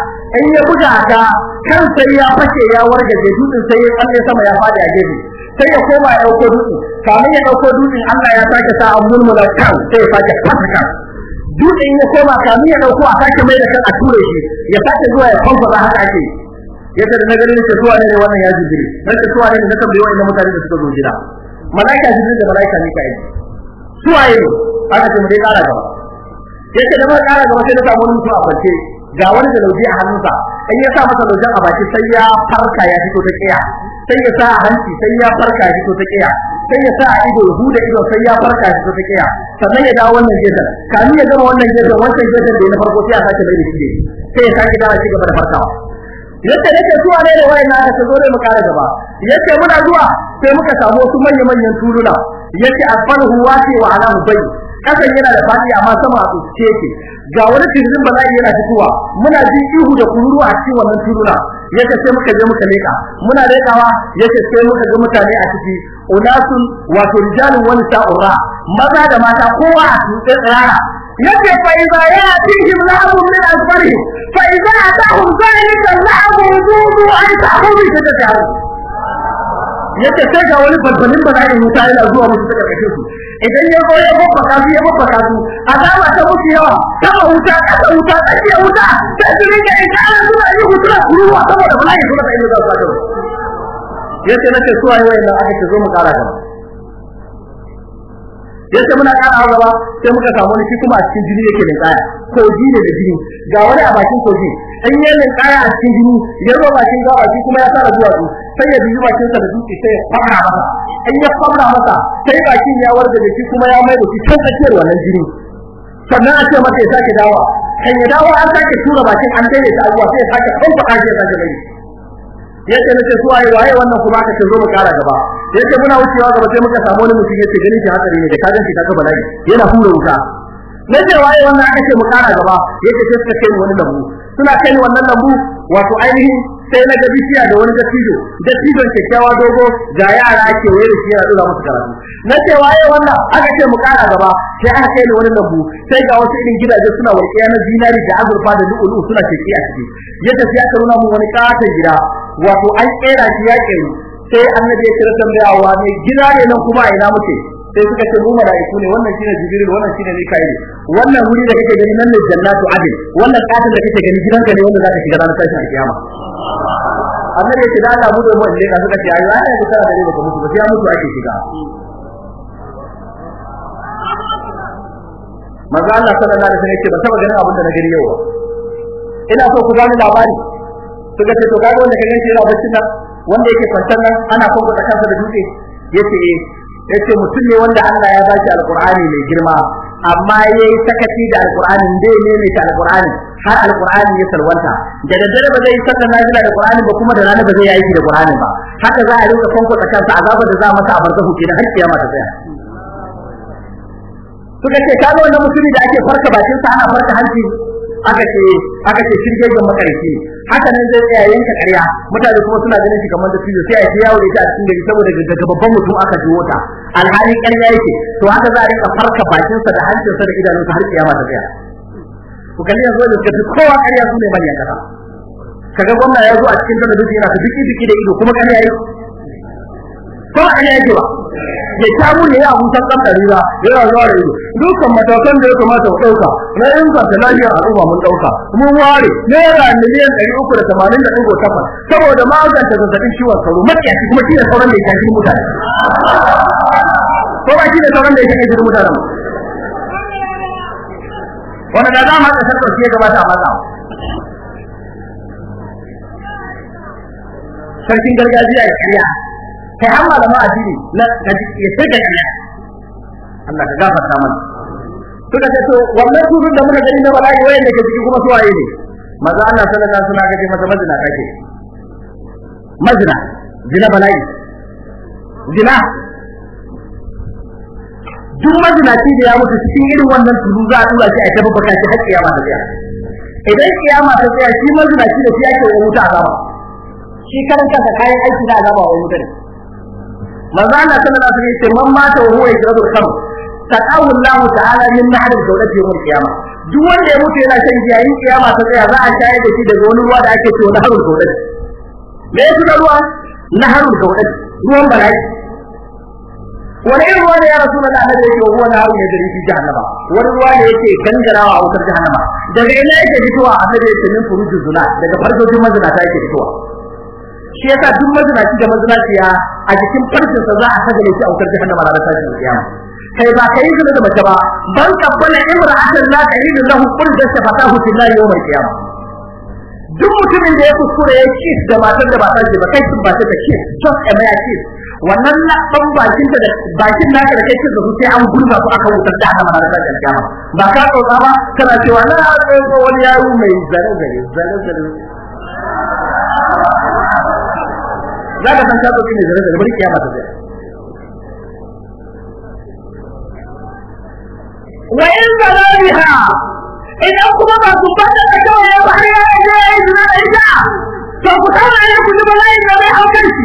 in ya buga aka kan sai ya fashe ya wargaje dutsen sai ya tsalle sama ya fadi a gefe sai ya koma ya dauko dutsen kamar ya dauko dutsen Allah ya sake sa an da kan sai ya sake fasaka dutsen ya koma kamar ya dauko a sake mai da kan a ture shi ya sake zuwa ya fanfa da haka ake yadda da nagari ne zuwa ne wannan ya jibiri nake suwa ne na tabbai wa'annan mutane da suka zo gida malaika jibiri da malaika mikail su waye ne aka ce mu dai kara gaba yace da muka kara gaba sai da samu mutum a farke ga wani da lauje a hannunsa in ya sa masa laujen a baki sai ya farka ya fito ta kiya sai ya sa a hanci sai ya farka ya fito ta kiya sai ya sa a ido hu da ido sai ya farka ya fito ta kiya sannan ya dawo wannan gedan kamin ya gama wannan gedan wancan gedan da na farko sai a sake mai da shi sai ya sake dawo shi gaba da farkawa yace nake zuwa ne da wayan aka zo ne mu kare gaba yace muna zuwa sai muka samu wasu manyan manyan tuluna yace huwa ce wa ala bai kasan yana da fadi amma sama a tsuke ga wani tirin ba zai yana fitowa muna ji ihu da kururu a cikin wannan tuluna yace sai muka je muka leka muna lekawa yace sai muka ga mutane a ciki unasun wato rijalun wani sa'ura maza da mata kowa a tsuke tsara yace fa idza yatihim la'abun min asfarihim fa idza atahum zalika la'abu wudu an ta'khudhu bi tajahum yace sai ga wani balbalin bala'in wuta yana zuwa musu daga kashin su idan ya zo ya babba kasu ya babba kasu azaba ta musu yawa ta wuta ta ta wuta ta ce wuta ta su rinka ita ana zuwa yi hutura kuruwa saboda bala'in suna da inda za su yace nake suwaye wayannan aka ce zo mu kara gaba yace muna kara gaba sai muka samu wani shi kuma a cikin jini yake mai kaya koji ne da jini ga wani a bakin koji an yi mai kaya a cikin jini ya zo bakin gawa shi kuma ya fara zuwa sai ya biyu bakin sa da dutse sai ya fara masa an ya fara masa sai bakin ya warga da shi kuma ya mai da shi can tsakiyar wannan jini sannan a ce mata ya sake dawa, kan ya dawo an sake tura bakin an daidaita abuwa sai ya sake kan faɗa shi ya sake mai yake nake su ai waye wannan kuma ka zo mu kara gaba yace muna wucewa gaba sai muka samu wani mutum yake gani shi hatsari ne da ka ganci bala'i yana hura wuta nake waye wannan aka ce mu kara gaba yake sai suka kai wani lambu suna kai wannan lambu wato ainihin sai na ga bishiya da wani dattijo ke kyakkyawa dogo ga yara ake wayar shi ya dora musu karatu na ce waye wannan aka ce mu kara gaba sai aka kai ni wani lambu sai ga wasu irin gidaje suna walƙiya na zinari da azurfa da lu'ulu suna keke a ciki ya sai aka nuna mu wani katon gida wato an kera shi ya kero sai annabi ya kira tambayawa ne gida ne nan kuma a ina muke sai suka ce mu malaiku ne wannan shine jibril wannan shine mikail wannan wuri da kake gani nan ne jannatu adil wannan katin da kake gani gidanka ne wanda zaka shiga ranar tashin kiyama annabi ya ce da Allah mu da mu inda ka suka ce ayi ai da kana da baka mutu ba sai mutu ake shiga Maza Allah sallallahu alaihi wasallam ya ce ba taba ganin abin da na gani yau ina so ku gane labari suka ce to kaga wanda ka ganci yana bacci nan wanda yake kwantar nan ana kwanta da kansa da dutse yace eh yace mutum ne wanda Allah ya bashi alqur'ani mai girma amma yayi sakaci da alqur'ani dai ne ne ta alqur'ani har alqur'ani ya salwanta da daddare ba zai yi sallar nafila da qur'ani ba kuma da rana ba zai yi aiki da qur'ani ba haka za a rinka kwanko da kansa azabar da za masa a barzahu kenan har kiyama ta tsaya suka ce kaga wannan mutumin da ake farka bakin sa ana farka hanci aka ce aka ce shirke ga makarfi haka nan zai tsaya yanka ƙarya mutane kuma suna ganin shi kamar da tijo sai ya ce yawo da a cikin gari saboda daga babban mutum aka ji ta alhali ƙarya yake to haka za a rika farka bakin sa da hancin sa da idanun sa har kiyama ta tsaya ku kalli yanzu da kafi kowa ƙarya su ne manyan kasa kaga gwamna ya zo a cikin da duk yana ta biki biki da ido kuma ƙarya yake ko ƙarya yake ba ya ta ne ya mutan kankari ba ya zuwa da ido dukkan matakan da ya kamata mu dauka na yanka da lafiya al'umma mun dauka mun ware naira miliyan 388 saboda da zazzabin ciwon sauro makiyaci kuma shi ne sauran da ya shafi mutane ko ba shi ne sauran da ya shafi mutane wanda da zama da sarkar shi ya gabata a matsa sarkin gargajiya ya kariya kai an malama jini na kaji ya sai da kariya Allah ka gafarta mana suka ce to wannan tudun da muka gani na bala'i wayan da ke ciki kuma su waye ne maza Allah sallallahu alaihi wasallam kace mata mazina kake mazina zina bala'i zina duk mazinaci da ya mutu cikin irin wannan tudun za a tura shi a tabbata baka shi har kiyama ta tsaya idan kiyama ta tsaya shi mazinaci da shi ake wa wuta azaba shi karanta kansa kayan aiki na azaba wa wuta ne manzo Allah sallallahu alaihi wasallam man mata wa huwa yajradu al-khamr taqawu Allah ta'ala min nahar al-dawlati yawm al-qiyamah duk wanda ya mutu yana shan giya yin kiyama ta tsaya za a shayar da shi daga wani ruwa da ake cewa naharul dawlati me yake da ruwa naharul dawlati ruwan bala'i wani irin ruwa ne ya rasu na ɗanar yake wa wani haru ne da rifi jahannama wani ruwa ne yake gangarawa a wutar jahannama daga ina yake fitowa a sadai yake min furujin zuna daga farkojin mazina ta yake fitowa shi yasa duk mazinaci da mazinaciya a jikin farkin sa za a ne shi a wutar jahannama ranar tashin kiyama kai ba kai zina da mace ba ban kabbala imra'atan la ta'idu lahu qurda shafatahu yawm al qiyamah duk mutumin da ya kuskure ya ci da matar da ba ta ce ba kai sun ba ta ce to a mai ci wannan na ban bakin da bakin naka da kai da sai an gurga ku aka wutar da hana mara da kiyama ba ka tsotsa ba kana cewa na wani yaro mai zarar zare zare zare za ka san kaso ne zare da bari kiyama ta zai wa in zalaliha idan kuma ba su da kawai ya ba ya ya ina ita to ku kama ne ku ji bala'in da bai hankali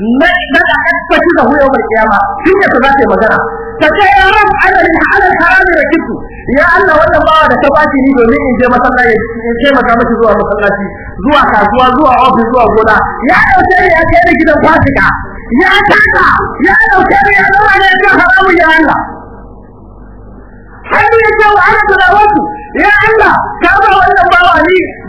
na da kaskaci da huyo bar kiyama shi ne ta za ta magana ta ce ya rab alal halal harami da kitu ya Allah wannan bawa da ta baci ni domin in je masallaci in ce zuwa masallaci zuwa kasuwa zuwa ofis zuwa gona ya dauke ni ya kai gidan fasika ya taka ya dauke ni ya zama ne ta haramu ya Allah ce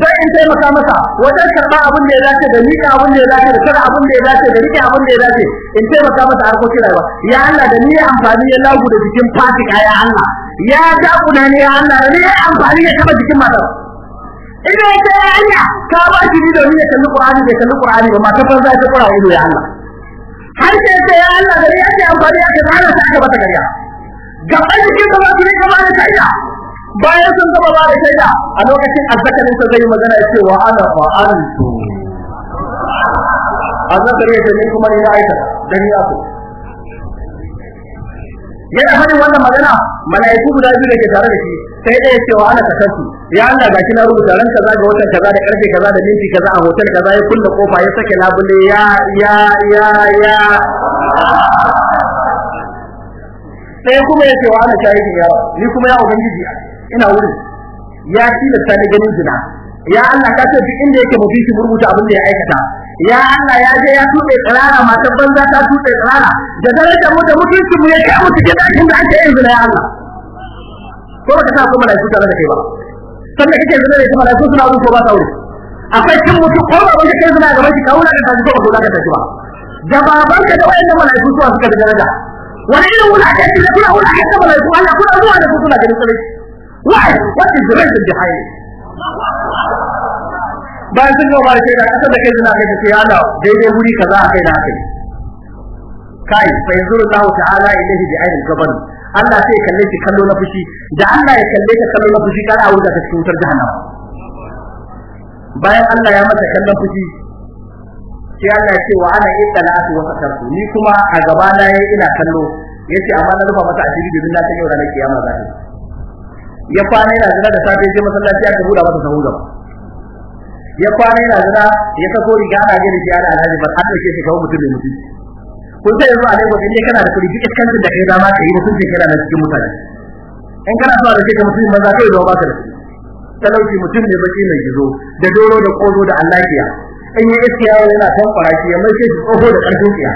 sai in taimaka masa wajen karɓa abin da ya dace da miƙa abin da ya dace da kada abin da ya dace da riƙe abin da ya dace in taimaka masa harkokin rayuwa ya Allah da ni amfani ya lagu da jikin fatika ya Allah ya dakuna ni ya Allah da ni amfani ya taɓa jikin matar ina ya hanya ka ba shi ni domin ya kalli Qur'ani ya kalli Qur'ani ba matar ban za ta kura ya Allah har sai ta ya Allah da ni ya amfani ya kaza ta aka bata gariya gaban jikin ba su ne kamar ta ya bayan sun zama ba da shaida a lokacin azzakarin sa zai magana ya ce wa ana fa antu azzakarin ya ce kuma ni na aika da ni aku yana hadin wannan magana malaiku guda biyu da ke tare da shi sai ɗaya ce wa ana kasantu ya Allah ga shi na rubuta ran kaza ga watan kaza da karfe kaza da minti kaza a hotel kaza ya kulle kofa ya sake labule ya ya ya ya sai kuma ya ce wa ana shahidin ya ni kuma ya ubangiji ina wurin ya da Sani ganin zina ya Allah ka ce duk inda yake mafi shi abin da ya aikata ya Allah ya je ya tuɓe tsirara matan banza ta tuɓe tsirara da da mu da mutunci mu ya ce mu cikin dakin da ake yin zina ya Allah ko ba ka sa ko malaiku tare da kai ba sannan kake zina da malaiku suna wurin ko ba sa akwai kin mutu, ko ba wani kai zina ga mai kauna da tashi ko ba ka tashi ba da baban ka da wani malaiku suka da daraja wani irin wulakanci da ne suna malaiku Allah kuna zuwa da su suna ganin Why? What is the reason behind it? Bayan sun yau ce, da shaida kasar da kai suna kai sai Allah daidai wuri kaza a kai na kai. Kai fa yanzuru Allah ta'ala ilaihi bi ainihi gaban. Allah sai ya kalle shi kallo na fushi da Allah ya kalle ka kallo na fushi kana wuce ka cikin wutar jahannama. Bayan Allah ya masa kallon fushi sai Allah ya ce wa ana ittala'atu wa sakartu ni kuma a gaba na ina kallo yace amma na rufa mata asiri domin na san yau ranar kiyama za ta yi. ya kwana yana zina da safe je masallaci aka buɗa masa sahu gaba ya kwana yana zina ya sako riga ana gani shi ana alhaji ba ta da shi kawo mutum mai mutum kun sai yanzu a dai gobe dai kana da kuɗi duk iskancin da kai dama ka yi ce kana na cikin mutane in kana so a rike ka mutum maza kai zama baka da su? talauci mutum ne baki mai gizo da doro da kozo da allahiya in ya iska yawo yana tankwara faraki ya mai shi tsoho da ƙarfin tsiya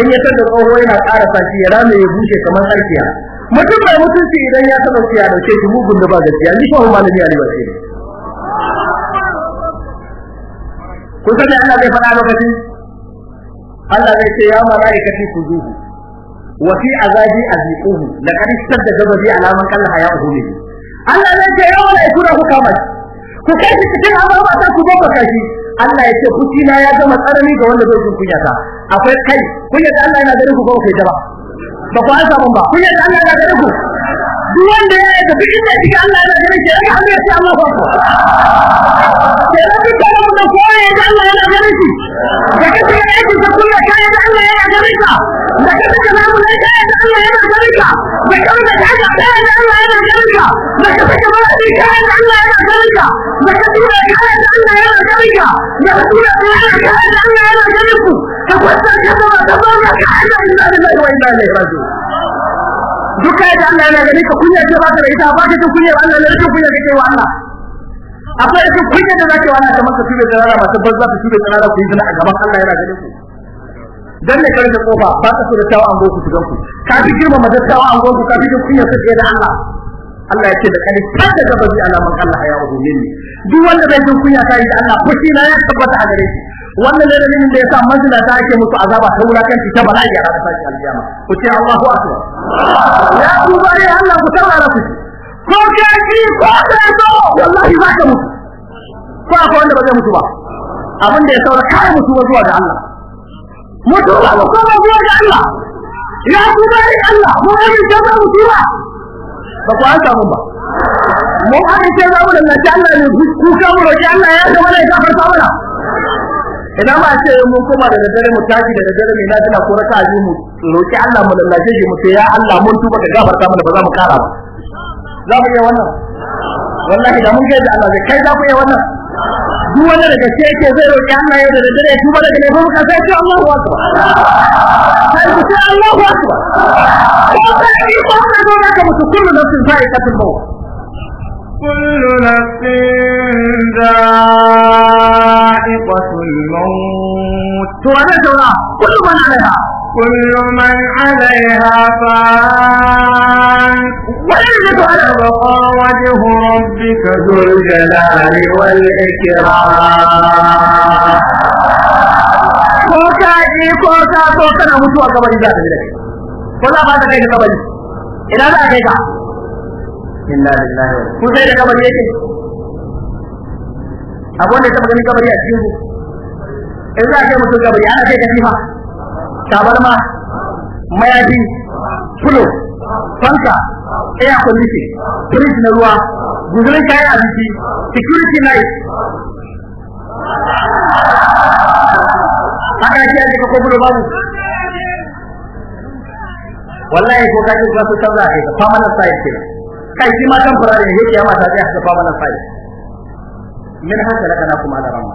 in ya da tsoho yana ƙara sa ya rame ya bushe kamar arkiya mutum mai mutunci idan ya taba da ya dauke shi mugun da ba gaskiya ni malami ali bashi ne Kun sani Allah zai faɗa lokaci Allah zai ce ya malaikati a zaji a zikuhu da karistar da gababi ala alamun kalla hayahu min Allah zai ce ya malaiku da ku mai ku kai shi cikin amarwa ta ku gobe kashi Allah ya ce kuci na ya zama tsarami ga wanda zai kunya ta akwai kai kunya da Allah yana ganin ku gobe kai ta ba ba ku ansa mun ba kun yadda Allah ya gare ku duk wanda ya tafi inda shi Allah yana ganin shi yana hanyar shi Allah ba ke rafi ta rabu da kowa ya ga Allah yana ganin shi da kasa ya yi kusa kulla ta ya ga Allah yana ganin ka da kasa ka namu na ta ya ga Allah yana ganin ka da kasa ka haka ta ya ga Allah yana ganin ka da kasa ka mara ni ta ya ga Allah yana ganin ka da kasa ka ya ga Allah yana ganin ka da kasa ka ya ga Allah yana ganin ku ka kwanta ka ba ka ba ka hada inda da wai da ka duk kai da Allah yana gare ka kunya ce ba ka da ita ba ka jin kunya Allah ne rikin kunya kake wa Allah akwai rikin kunya da zaka wani ta maka tube tsara ba ta bazza ta tube tsara ku yi zina a gaban Allah yana gare ku dan ne karfe kofa ba ka da tawa an go ku tugan ku ka fi girma ma tawa an go ku ka fi kunya sai da Allah Allah ya ce da kani kan da gabazi alaman Allah ya rubu minni duk wanda bai jin kunya kai da Allah fushi na ya tabbata a gare shi wannan dalilin da yasa manzila ta ake musu azaba ta wulakanci ta bala'i a ranar tashin alkiyama ku ce Allahu akbar ya ku bari Allah ku saurara ku ko ke ki, ko ka to wallahi ba ka mutu ko ka wanda ba zai mutu ba abin da ya saura kai mutu ba zuwa ga Allah mutu ba ko ba zuwa ga Allah ya ku bari Allah mu yi jama'a mutu ba ba ku an samu ba mu an ce za mu da Allah ne ku ka mu roki Allah ya zama da gafarta mana Ina ba ce mun koma da dare mu tashi da dare mai lafiya ko raka ji mu roki Allah mu lallace shi mu ce ya Allah mun tuba ka gafarta mana ba za mu kara ba za mu iya wannan wallahi da mun ga da Allah kai za ku iya wannan duk wanda da yake zai roki Allah ya da dare ya tuba daga laifin ka sai ce Allahu akbar sai ku ce Allahu akbar ko kai ko ka zo da ka mutu kullu nafsin za'iqatul maut كل نفس ذائقة الموت ونسوا كل من عليها كل من عليها فان ويبقى وجه ربك ذو الجلال والإكرام ko ka ji ko ka so kana mutuwa gaban da kai ko za ba ta kai gaban ina za ka kai ka inna lillahi wa ku sai da kabari yake abu wanda ta gani kabari a cikin ku in za a kai mutum kabari ana kai katifa tabarma mayafi fulo fanka air condition fridge na ruwa guzurin kayan abinci security night haka shi ake ko bulo babu wallahi ko kaji ba su tabla kai ka permanent site kenan kai shi ma kan fara ne yake ya mata ta kafa mana fa'ida min haka laka na kuma da rama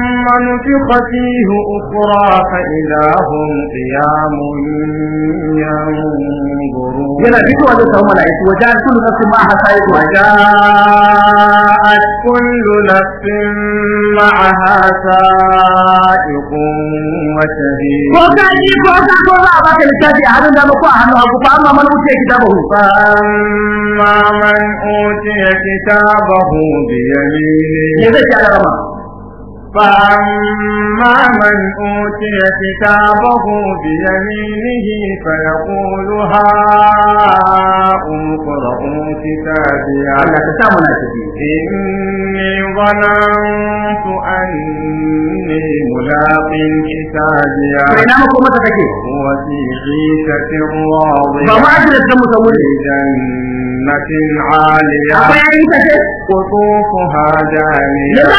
ثم نفخ فيه أخرى فإذا هم قيام ينظرون يلا بيتوا هذا سوما لأيت وجاءت كل نفس معها سائق وجاءت كل نفس معها سائق وشهيد وكان يبقى أسعك الله أباك الكاتي أحد عندما قوى أهلها قفى أما من أوتي كتابه فأما من أوتي كتابه بيمينه يبقى يا رمان فأما من أوتي كتابه بيمينه فيقول هاؤم اقرءوا كتابي على كتابنا إني ظننت أني ملاق حسابي وفي عيشة راضية في جنة جنة عالية قطوفها دانية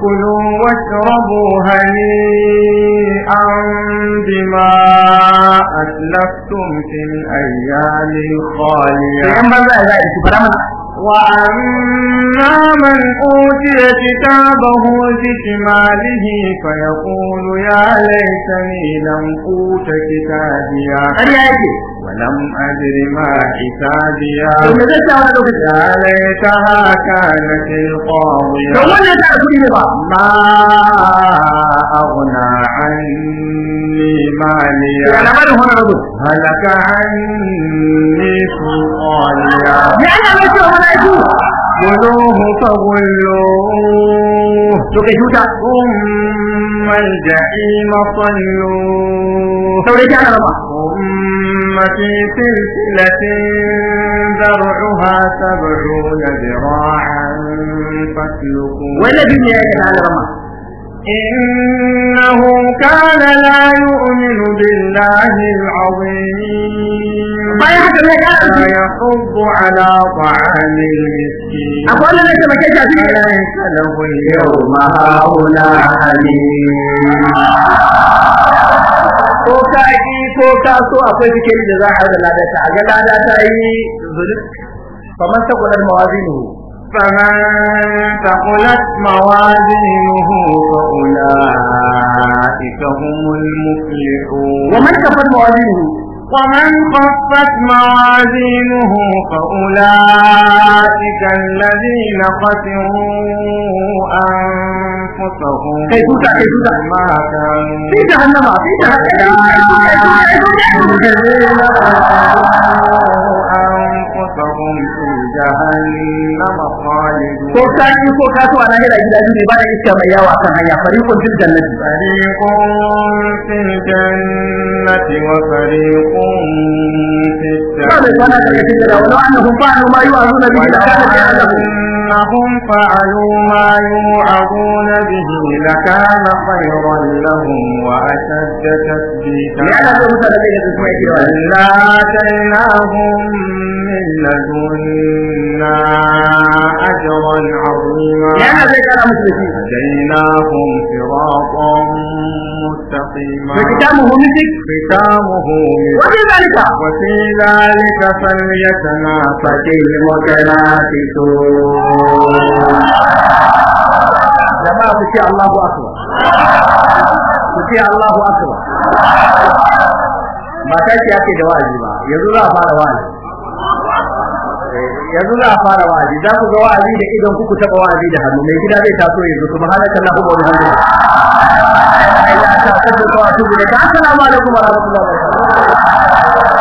كلوا واشربوا هنيئا بما أسلفتم في الأيام الخالية وأما من أوتي كتابه بشماله فيقول يا ليتني لم أوت كتابيا ولم أدر ما حسابيا يا ليتها كانت القاضية ما أغنى عني ماليا يا لما هنا رضو هلك عني سلطانيا يا أنا ما شو هنا يشوف خذوه فغلوه تكشوتا ثم الجحيم صلوه سوريك أنا رضا ثم في سلسلة ذرعها سبعون ذراعا فاسلكوه والذي يا أنا رضا إنه كان لا يؤمن بالله العظيم ويحض على طعام المسكين فليس له اليوم هاهنا حميم ko ka yi ko ka so akwai zikiri da za a da ladata a ga ladata yi zuluk kamar ta kudar mawazinu فمن ثقلت موازينه فأولئك هم المفلحون ومن كفت موازينه ومن خفت موازينه فأولئك الذين خسروا أنفسهم ما كانوا في جهنم في جهنم أنفسهم جهنم خالدون ko ka yi ko ka so a lahira gida biyu ba da iska mai yawa kan hanya fariqun fil jannati fariqun fil jannati wa fariqun fis sa'ati wa annahum fa'alu ma yu'azuna bihi lakana lahum أنهم فعلوا ما يوعظون به لكان خيرا لهم وأشد تثبيتا إلا آتيناهم من لَهُنَّ أَجْرًا عَظِيمًا هَدَيْنَاهُمْ صِرَاطًا مُسْتَقِيمًا خِتَامُهُ مِسْكٌ خِتَامُهُ وفي ذلك وفي ذلك فليتنافس المتنافسون jama'a ku ce Allahu akbar ku ce Allahu akbar ba kai ce yake da wa'azi ba yanzu za a fara wa'azi yanzu za a fara wa'azi za ku ga wa'azi da idan kuku taba wa'azi da hannu mai gida zai taso yanzu kuma subhanakallahu wa bihamdihi assalamu alaikum wa rahmatullahi wa barakatuh